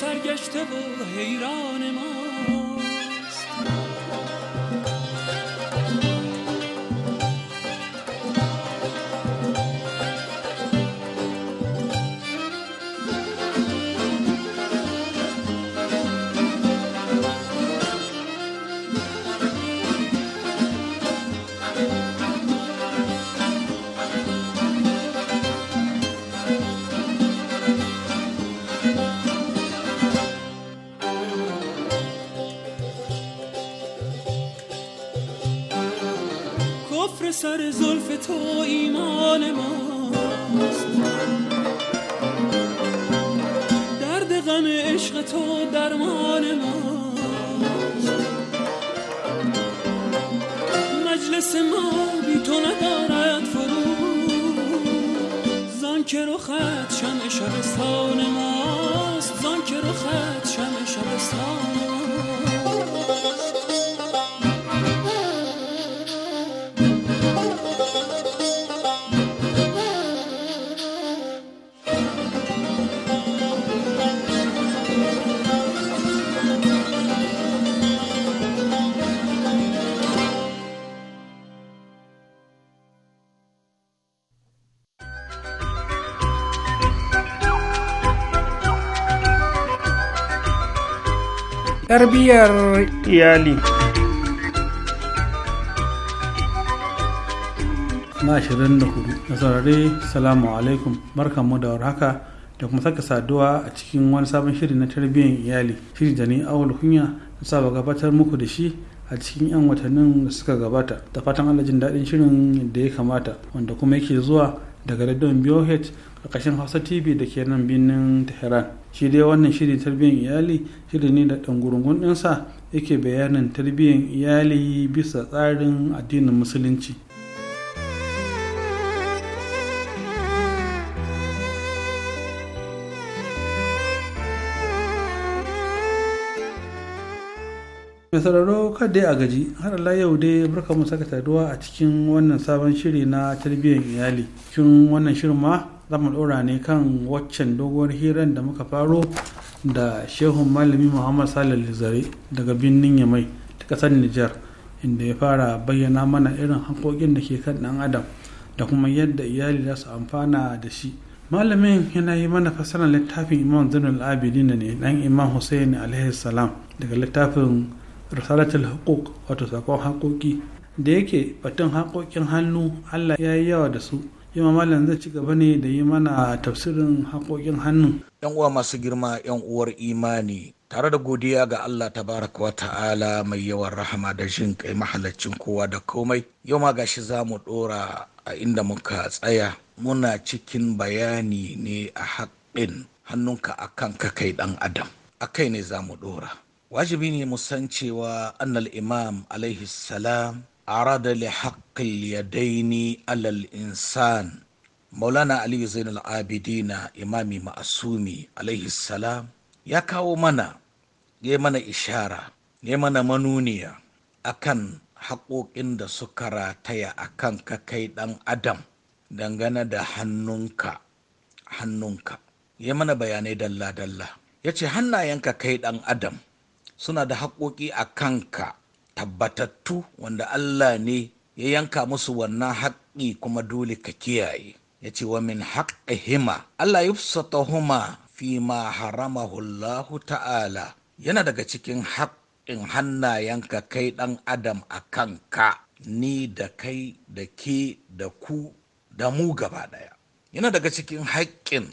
سرگشته و حیران سر زلف تو ایمان ما tarbiyyar iyali na 24 na saurare salamu alaikum barkanmu da warhaka da kuma saka saduwa a cikin wani sabon shiri na tarbiyyar iyali shiri da ni awul kunya na saba gabatar muku da shi a cikin 'yan watannin da suka gabata da fatan allah daɗin shirin da ya kamata wanda kuma yake zuwa daga radion BOH karkashin Hausa TV da ke nan birnin Tehran. Shi dai wannan shirin tarbiyyar iyali shiri ne da ɗangurungun ɗinsa yake bayanin tarbiyyar iyali bisa tsarin addinin musulunci. mai sauraro kadai a gaji har Allah yau dai barka mu saka taduwa a cikin wannan sabon shiri na tarbiyyar iyali cikin wannan shirin ma za mu ɗora ne kan waccan doguwar hirar da muka faro da shehun malami muhammad salih zare daga birnin yamai ta ƙasar nijar inda ya fara bayyana mana irin hankokin da ke kan ɗan adam da kuma yadda iyali za su amfana da shi malamin yana yi mana fassarar littafin imam zinul abidin ne dan imam hussein alaihi salam daga littafin risalatul haƙoƙ wato sakon haƙoƙi da yake batun haƙoƙin hannu allah ya yi yawa da su yamma malam zai ci gaba ne da yi mana tafsirin haƙoƙin hannu. yan uwa masu girma yan uwar imani tare da godiya ga allah tabaraka wa ta'ala mai yawan rahama da jin kai mahallacin kowa da komai yau ma gashi za mu ɗora a inda muka tsaya muna cikin bayani ne a haƙƙin hannunka a ka kai ɗan adam a kai ne za mu ɗora wajibi ne mu san cewa annal imam alaihi salam arada li haqqil yadaini alal insan maulana aliyu zainal abidina imami ma'asumi alaihi salam ya kawo mana ya mana ishara ya mana manuniya akan haƙoƙin da suka rataya a kan ka kai ɗan adam dangane da hannunka hannunka ya mana bayanai dalla-dalla ya ce hannayenka kai ɗan adam suna da haƙoƙi a kanka tabbatattu wanda Allah ne ya yanka musu wannan haƙƙi kuma dole ka kiyaye ya ce wa min hima Allah yufsatahuma fi ma harama. Allah ta'ala yana daga cikin haƙƙin hannayenka kai ɗan adam a kanka ni da kai da ke da ku da mu gaba ɗaya yana daga cikin haƙƙin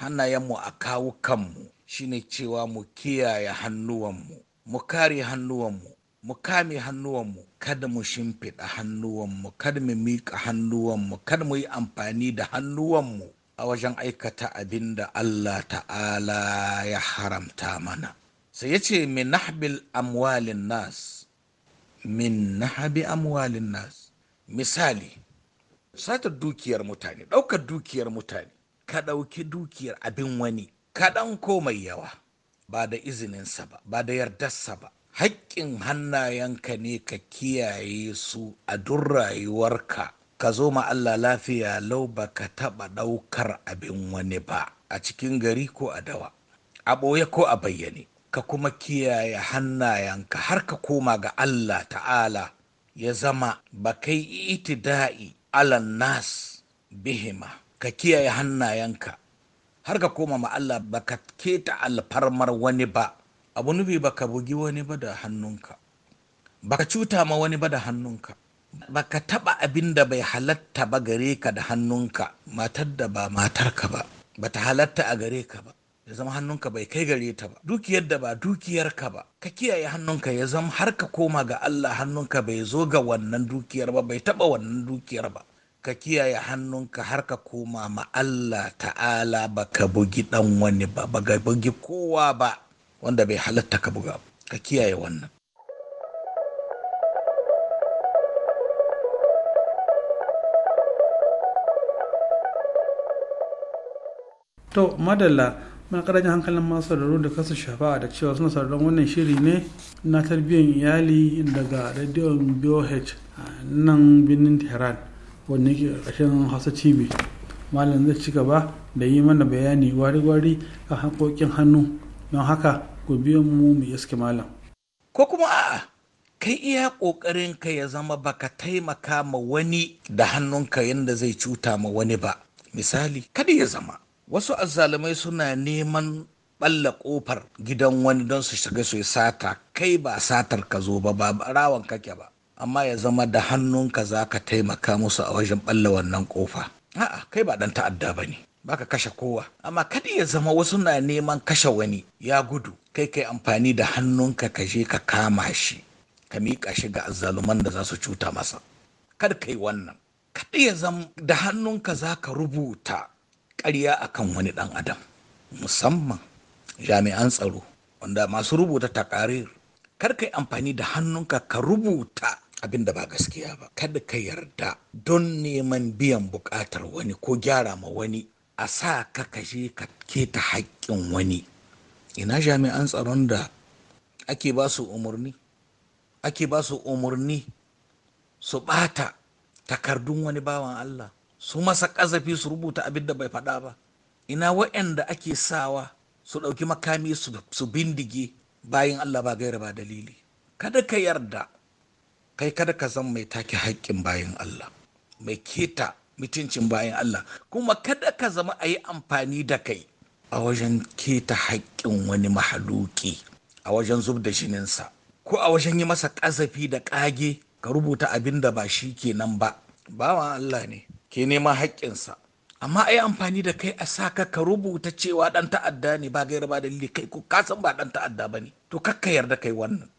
hannayenmu a kawo kanmu shine cewa mu kiyaye hannuwanmu mu kare hannuwanmu mu kame hannuwanmu kada mu shimfiɗa hannuwanmu kada mu miƙa hannuwanmu kada mu yi amfani da hannuwanmu a wajen aikata abin da Allah ta'ala ya haramta mana sai ya ce min nahbil amwalin nas min nahbi amwalin nas misali satar dukiyar mutane ɗaukar dukiyar mutane ka ɗauki dukiyar abin wani kaɗan ko mai yawa ba da izininsa ba ba da yardarsa ba haƙƙin hannayenka ne ka kiyaye su a duk rayuwarka ka zo ma Allah lafiya lau ba ka taɓa ɗaukar abin wani ba a cikin gari ko a dawa a ɓoye ko a bayyane ka kuma kiyaye hannayenka har ka koma ga Allah ta'ala ya zama ba kai da'i, alan nas bihima ka kiyaye hannayenka har ka koma ma Allah ba baka keta alfarmar wani ba abu nufi ka bugi wani ba da hannunka Ba ka cuta ma wani ba da hannunka baka taba abin da bai halatta ba gare ka da hannunka matar da ba matarka ba Ba ta halatta a gare ka ba ya zama hannunka bai kai gare ta ba dukiyar da ba dukiyarka ba ka kiyaye hannunka ya zama har ka koma ga Allah hannunka bai zo ga wannan dukiyar ba bai taɓa wannan dukiyar ba ka kiyaye hannunka har ka koma ma Allah ta'ala ba ka bugi dan wani ba baka bugi kowa ba wanda bai halatta ka buga ka kiyaye wannan to madalla muna hankalin masu sauraro da kasu shafa'a da cewa suna sauraron wannan shiri ne na tarbiyyar iyali daga rediyon boh nan binin tehran wanda yake ƙarshen hausa cibi malam zai ci gaba da yi mana bayani wari-wari a hankokin hannu don haka ku biyan mu mu iske malam ko kuma a'a kai iya ƙoƙarin ka ya zama ba ka taimaka ma wani da hannunka yadda zai cuta ma wani ba misali kada ya zama wasu azzalumai suna neman balla kofar gidan wani don su shiga su sata kai ba satar ka zo ba ba rawan kake ba amma ya zama da hannunka za ka taimaka musu a wajen ɓalla wannan kofa a'a kai ba dan ta'adda ba ne ba ka kashe kowa amma kada ya zama wasu na neman kashe wani ya gudu kai kai amfani da hannunka ka je ka kama shi ka miƙa shi ga azzaluman da za su cuta masa kada kai wannan kada ya zama da hannunka za ka rubuta ƙarya akan wani ɗan adam musamman jami'an tsaro wanda masu rubuta takarir kar kai amfani da hannunka ka rubuta abin da ba gaskiya ba kada ka yarda don neman biyan bukatar wani ko gyara ma wani a sa ka kashe ka keta haƙƙin wani ina jami'an tsaron da ake ba su umarni ake ba su umarni su ɓata takardun wani bawan Allah su masa ƙazafi su rubuta abin da bai faɗa ba ina waɗanda ake sawa su ɗauki makami su bindige bayan Allah ba gaira ba dalili kada ka yarda kai kada ka zama mai take haƙƙin bayan Allah mai keta mutuncin bayan Allah kuma kada ka zama a yi amfani da kai a wajen keta haƙƙin wani mahaluki a wajen zub da jininsa ko a wajen yi masa ƙazafi da ƙage ka rubuta abin da ba shi ke nan ba bawan Allah ne ke neman haƙƙinsa amma a yi amfani da kai a sa ka ka rubuta cewa ɗan ta'adda ne ba gaira ba dalili kai ko ka san ba ɗan ta'adda ba ne to kakka yarda kai wannan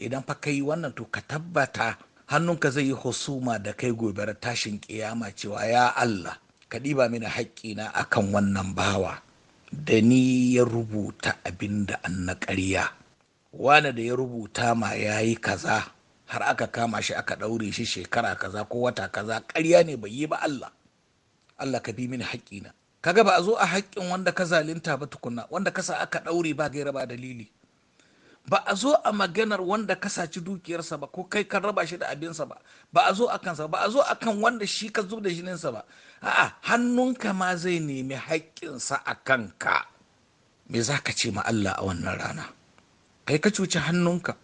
idan fa kai wannan to ka tabbata hannunka zai yi husuma da kai gobe tashin kiyama cewa ya Allah ka ɗiba mini haƙƙina akan wannan bawa da ni ya rubuta abin da an na ƙarya wani da ya rubuta ma ya yi kaza har aka kama shi aka ɗaure shi shekara kaza ko wata kaza ƙarya ne bai yi ba Allah Allah ka bi mini haƙƙina kaga ba a zo a haƙƙin wanda ka zalunta ba tukunna wanda ka sa aka ɗaure ba gaira ba dalili ba a zo a maganar wanda ka saci dukiyarsa ba ko kai kan raba shi da abinsa ba ba a zo a kansa ba a zo a kan wanda shi ka zo da jininsa ba a'a hannunka ma zai nemi haƙƙinsa a kanka me za ka ce ma Allah a wannan rana kai ka cuci hannunka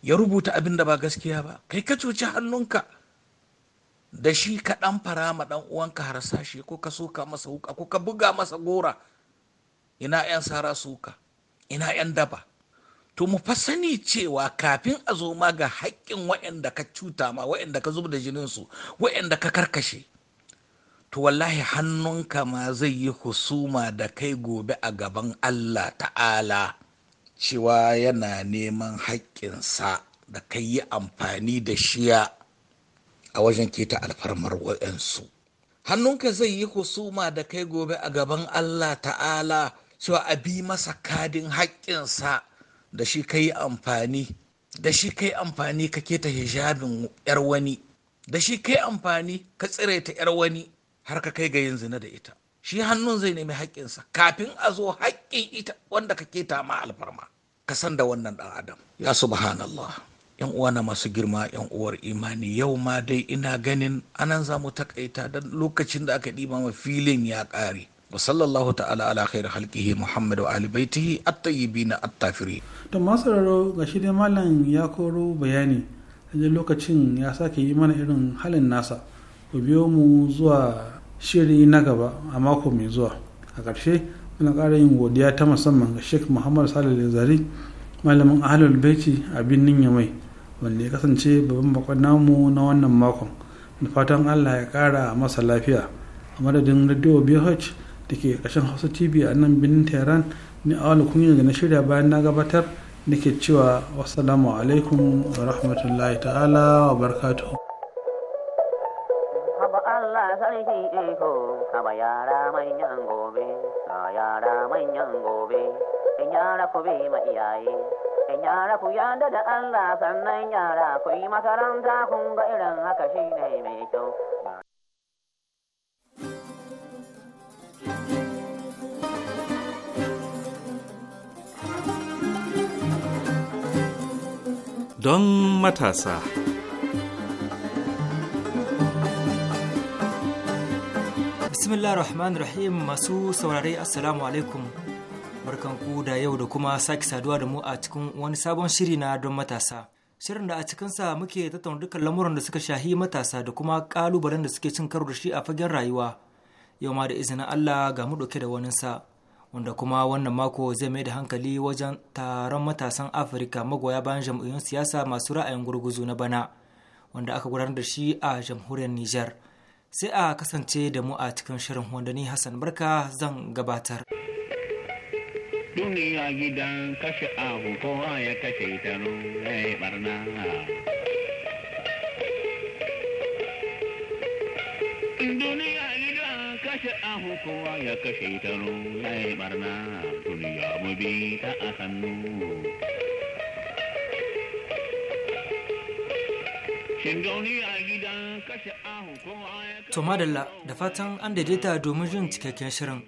ya rubuta abin da ba gaskiya ba kai ka cuci hannunka da shi ka ɗan fara ma ɗan uwanka harsashi ko ka soka masa wuka ko ka buga masa gora ina 'yan sara suka ina 'yan daba to mu fa sani cewa kafin a zo ma ga haƙƙin waɗanda ka cuta ma waɗanda ka zuba da jinin jininsu waɗanda ka karkashe to wallahi hannunka ma zai yi husuma da kai gobe a gaban Allah ta'ala cewa yana neman haƙƙinsa da kai yi amfani da shiya a wajen keta alfarmar waɗansu hannunka zai yi husuma da kai gobe a gaban Allah ta'ala cewa a bi masa kadin haƙƙinsa da shi ka yi amfani da shi ka yi amfani ka keta hijabin yar wani da shi ka amfani ka tsire ta yar wani har ka kai ga yin zina da ita shi hannun zai nemi haƙƙinsa kafin a zo haƙƙin ita wanda ka keta ma alfarma ka san da wannan ɗan adam ya subhanallah yan uwana masu girma yan uwar imani yau ma dai ina ganin anan zamu mu takaita don lokacin da aka ɗiba ma filin ya ƙare wa sallallahu ta'ala ala khair halqihi muhammadu ali baitihi at-tayyibin at-tafirin to masararo gashi da dai ya koro bayani a lokacin ya sake yi mana irin halin nasa ku biyo mu zuwa shiri na gaba a mako mai zuwa a ƙarshe muna ƙara yin godiya ta musamman ga sheikh muhammad salih zari malamin ahlul baiti a birnin mai wanda ya kasance babban bakon namu na wannan makon da fatan allah ya ƙara masa lafiya a madadin radio bh da ke ƙarshen hausa tv a nan birnin tehran ni wani kunya da na shirya bayan na gabatar nake cewa wassalamu alaikum wa rahmatullahi ta'ala wa barkatu. haba yara manyan gobe gobe in yara ku bi iyaye yara ku yarda da Allah sannan yara ku yi makaranta kun ga irin haka shine mai kyau Don matasa Bismillah rahman rahim masu saurare Assalamu alaikum barkanku da yau da kuma sake saduwa da mu a cikin wani sabon shiri na don matasa. Shirin da a cikinsa muke tattauna dukkan lamuran da suka shahi matasa da kuma ƙalubalen da suke cin karo da shi a fagen rayuwa. yau ma da izinin Allah ga mu ɗauke da sa wanda kuma wannan mako zai mai da hankali wajen taron matasan Afirka magoya bayan jam'iyyun siyasa masu ra'ayin gurguzu na bana wanda aka gudanar da shi a jamhuriyar Nijar. Sai a kasance da mu a cikin shirin wanda ni Hassan Barka zan gabatar. Duniya gidan kashe abu kowa ya kashe ita eh barna. Duniya kashe To madalla da fatan an daidaita domin jin cikakken shirin.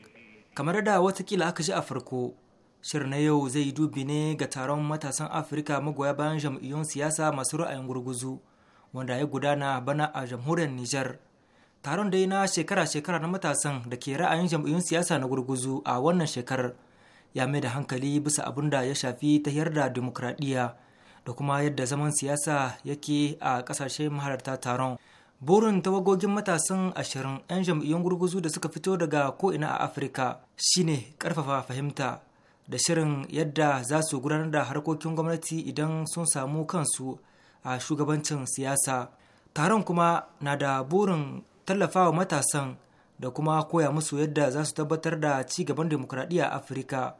Kamar da kila aka ji a farko, shirin na yau zai dubi ne ga taron matasan Afirka magoya bayan jam'iyyun siyasa masu ra'ayin gurguzu, wanda ya gudana bana a jamhuriyar Nijar. taron dai na shekara-shekara na matasan da ke ra'ayin jam'iyyun siyasa na gurguzu a wannan shekarar ya mai da hankali bisa abin da ya shafi ta da demokradiyya da kuma yadda zaman siyasa yake a ƙasashen mahalarta taron burin tawagogin matasan ashirin 'yan jam'iyyun gurguzu da suka fito daga ko'ina a afirka shine karfafa fahimta da shirin yadda za su gudanar da harkokin gwamnati idan sun samu kansu a shugabancin siyasa taron kuma na da burin tallafawa matasan da kuma koya musu yadda za su tabbatar da ci gaban demokuraɗiyya a afirka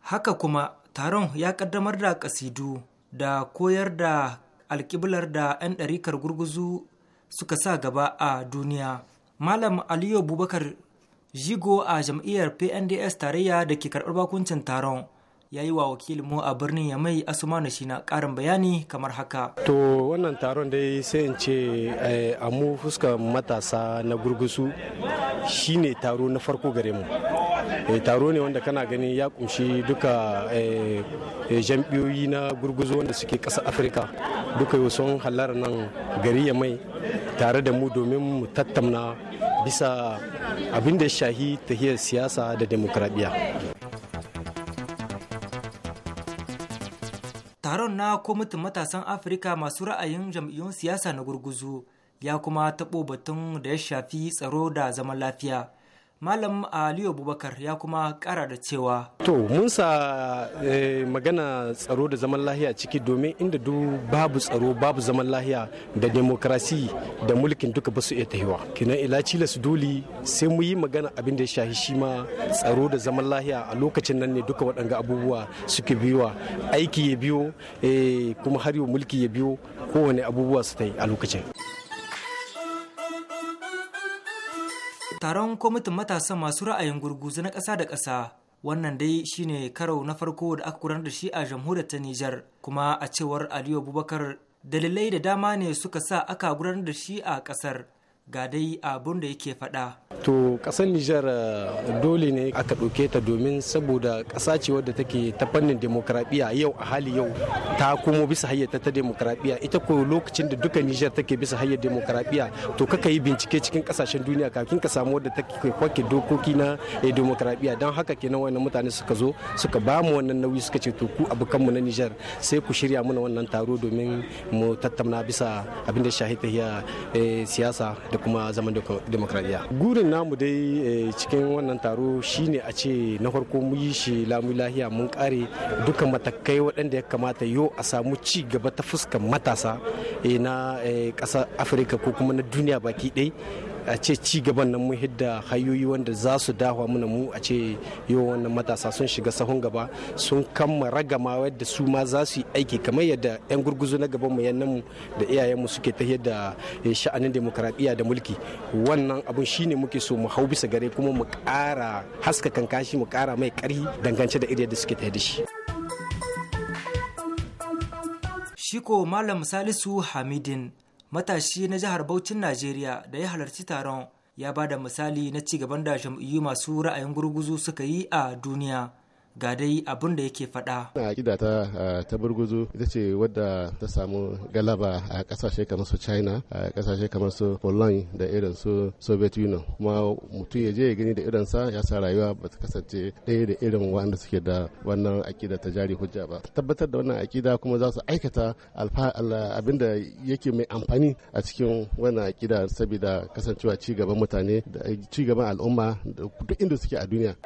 haka kuma taron ya kaddamar da kasidu da koyar da alkiblar da 'yan ɗarikar gurguzu suka sa gaba a duniya malam aliyu abubakar jigo a jam'iyyar pnds tarayya da ke karɓar bakuncin taron ya yi wa mu a birnin ya yamai asumanu shi na karin bayani kamar haka to wannan taron dai sai in ce eh, a mu fuskar matasa na gurgusu shine taro na farko gare mu eh, taro ne wanda kana gani ya kunshi duka eh, jam'iyoyi na gurguzu wanda suke ƙasar afirka duka yau sun halar nan gari ya mai tare da mu domin mu tattauna bisa abin da shahi tahiyar siyasa da demokradiyya Taron na kwamitin matasan Afirka masu ra'ayin jam'iyyun siyasa na gurguzu ya kuma taɓo batun da ya shafi tsaro da zaman lafiya. Malam ah, Aliyu Abubakar ya kuma kara da cewa. To, mun sa eh, magana tsaro da zaman lahiya ciki domin inda du babu tsaro babu zaman lahiya da demokrasi da mulkin duka basu iya tahiwa. Kina ila cila su doli sai mu yi magana abin da ya shahi shi ma tsaro da zaman lahiya a lokacin nan ne duka waɗanga abubuwa suke biyuwa aiki ya biyo eh, kuma har yau mulki ya biyo kowane abubuwa su ta yi a lokacin. taron kwamitin matasa masu ra'ayin gurguzu na ƙasa da ƙasa wannan dai shine karo na farko da aka gudanar da shi a jamhuriyar ta Nijar kuma a cewar Aliyu Abubakar dalilai da dama ne suka sa aka gudanar da shi a ƙasar ga dai abun da yake faɗa. To ƙasar Nijar eh, dole ne aka ɗauke ta domin saboda ƙasa ce wadda take ta fannin demokradiyya yau a hali yau ta komo bisa hayyata ta demokradiyya ita ko lokacin da duka Nijar take bisa hayyar demokradiyya to kaka yi bincike cikin ƙasashen duniya kafin ka samu wadda take kwake dokoki na eh, demokradiyya don haka kenan wannan mutane suka zo suka ba mu wannan nauyi suka ce to ku abokanmu na Nijar sai ku shirya mana wannan taro domin mu tattauna bisa abin da shahi ta eh, siyasa da kuma zaman demokradiyya gurin namu dai eh, cikin wannan taro shine a ce na farko mu yi shi lamu lahiya mun kare duka matakai waɗanda ya kamata yo a samu ci gaba ta fuskar matasa eh, na eh, ƙasar afirka ko kuma na duniya baki ɗaya a ce ci gaban nan mun hidda hayoyi wanda za su dawa mana mu a ce yau wannan matasa sun shiga sahun gaba sun kama ragama yadda su ma za su yi aiki kamar yadda 'yan gurguzu na gaban mu yannan mu da iyayenmu suke ta yadda eh, sha'anin demokaradiyya da mulki wannan abun shine muke so mu hau bisa gare kuma mu ƙara haska kankashi mu kara mai ƙarfi dangance da iriyar da suke ta da shi. Shiko Malam Salisu Hamidin matashi na jihar Bauchin Najeriya da ya halarci taron ya ba da misali na ci gaban da jam'iyyu masu ra'ayin gurguzu suka yi a duniya. ga dai abin da yake faɗa. Na akida ta ta burguzu ita ce wadda ta samu galaba a kasashe kamar su China, a kasashe kamar su Poland da irin su Soviet Union. Kuma mutum ya je ya gani da irin sa ya sa rayuwa ba ta kasance ɗaya da irin wanda suke da wannan akida ta jari hujja ba. Tabbatar da wannan akida kuma za su aikata abin da yake mai amfani a cikin wannan akida saboda kasancewa ci gaban mutane da ci gaban al'umma duk inda suke a duniya.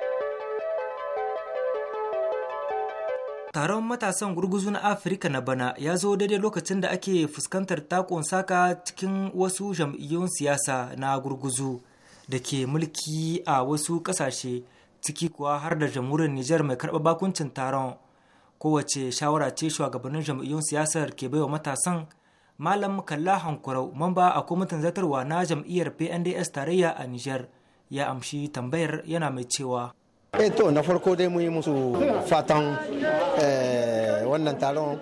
Taron matasan gurguzu na Afirka na bana ya zo daidai lokacin da ake fuskantar takon saka cikin wasu jam'iyyun siyasa na gurguzu da ke mulki a wasu ƙasashe ciki kuwa har da jamhuriyar Nijar mai karɓar bakuncin taron. Kowace shawara ce shugabannin jam'iyyun siyasar ke baiwa matasan Malam Kalla Hankurau, mamba a kwamitin zartarwa na jam'iyyar PNDS tarayya a Nijar, ya amshi tambayar yana mai cewa. e to na farko dai mun yi musu fatan eh, wannan taron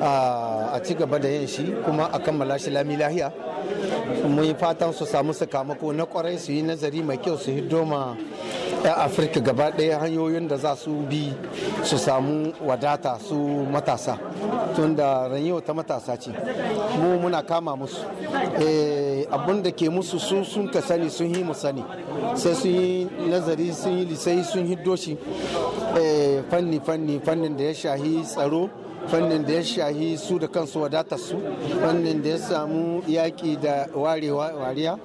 ah, a ci gaba da yin shi kuma a kammala shi lami lahiya mun yi fatan su samu sakamako na kwarai su yi nazari mai kyau su hidoma 'yan afirka gaba ɗaya hanyoyin da za su bi su samu wadata su matasa tun da ranyewa ta matasa ce mu muna kama musu eh, abin da ke musu su sun ka sani sun yi mu sani sai sun yi nazari sun yi lisai sun yi doshi eh, fanni fanni fannin da ya shahi tsaro fannin da ya shahi su da kansu wadatar su fannin da ya samu yaƙi da warewa wariya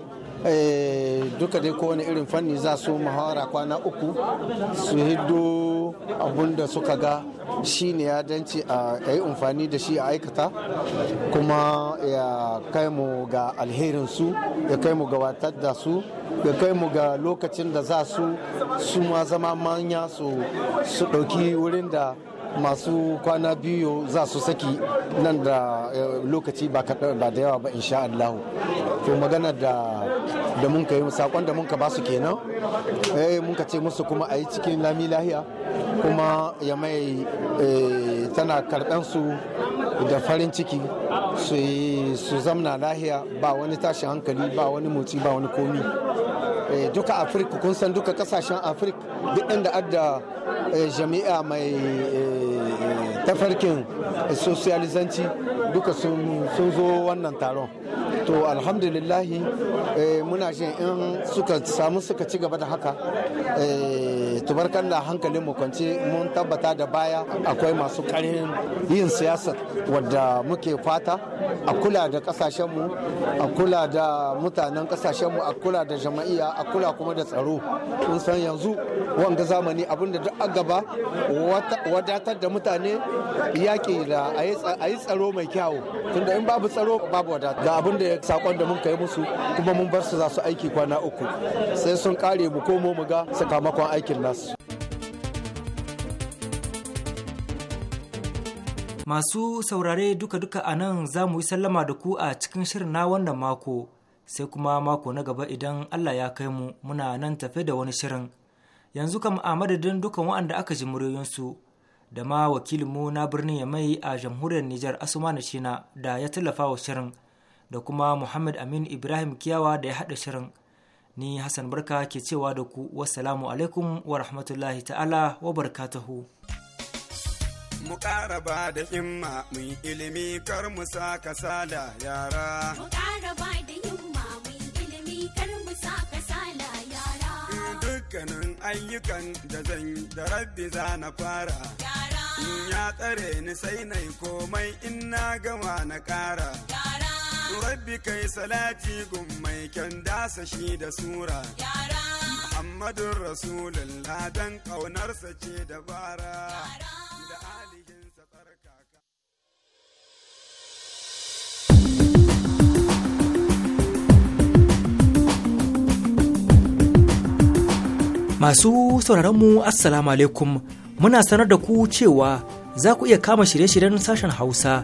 Eh, duka dai kowane irin fanni za su muhawara kwana uku su hiddo abun da suka ga shi ne ya danci a yi amfani da shi a aikata kuma ya kai mu ga alherinsu ya kai mu ga watar da su ya kai mu ga lokacin da za su su ma zama manya su su ɗauki wurin da masu kwana biyu za su saki nan da eh, lokaci ba da yawa ba insha allahu. to magana da da mun ka yi sakon da mun ka ba su kenan eh mun ka ce musu kuma a yi cikin lami lahiya kuma ya mai eh, tana karɓan su da farin ciki su zamna lahiya ba wani tashin hankali ba wani motsi ba wani komi eh, duka afirka kun san duka kasashen afirka duk inda adda eh, jami'a mai tafarkin socializanci duka sun zo wannan taron to alhamdulillahi eh, muna shi in suka samu suka ci gaba da haka eh, kalla hankalin mu kwance mun tabbata da baya akwai masu karin yin siyasa wadda muke fata a kula da kasashenmu a kula da mutanen kasashenmu a kula da jama'iya a kula kuma da tsaro mun san yanzu wanga zamani abinda duk a gaba wadatar da mutane yaƙi da a yi tsaro mai kyawu tunda in babu tsaro babu wadata ga abin da sakon da mun kai musu kuma mun bar su za su aiki kwana uku sai sun kare mu komo mu ga sakamakon aikin nasu abraço. Masu saurare duka-duka a nan za mu yi sallama da ku a cikin shirin na wannan mako, sai kuma mako na gaba idan Allah ya kai mu muna nan tafe da wani shirin. Yanzu kam a madadin dukan waɗanda aka ji muryoyinsu da ma wakilinmu na birnin Yamai a jamhuriyar Nijar Asumani Shina da ya tallafa wa shirin da kuma Muhammad Amin Ibrahim Kiyawa da ya haɗa shirin. ni hassan barka ke cewa da ku wassalamu alaikum wa rahmatullahi ta'ala wa barkatahu. mu ƙara ba da himma mu ilimi kar mu sa kasala yara mu ƙara ba da himma mu ilimi kar mu sa kasala yara dukkanin ayyukan da zan da rabbi za na fara yara in ya tsare ni sai na komai in na gama na ƙara yara rabbi kai salati gun mai kyan shi da sura yara muhammadun rasulullah ƙaunarsa ce dabara da Masu sauraronmu Assalamu alaikum muna sanar da ku cewa za ku iya kama shirye-shiryen sashen Hausa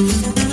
Thank you.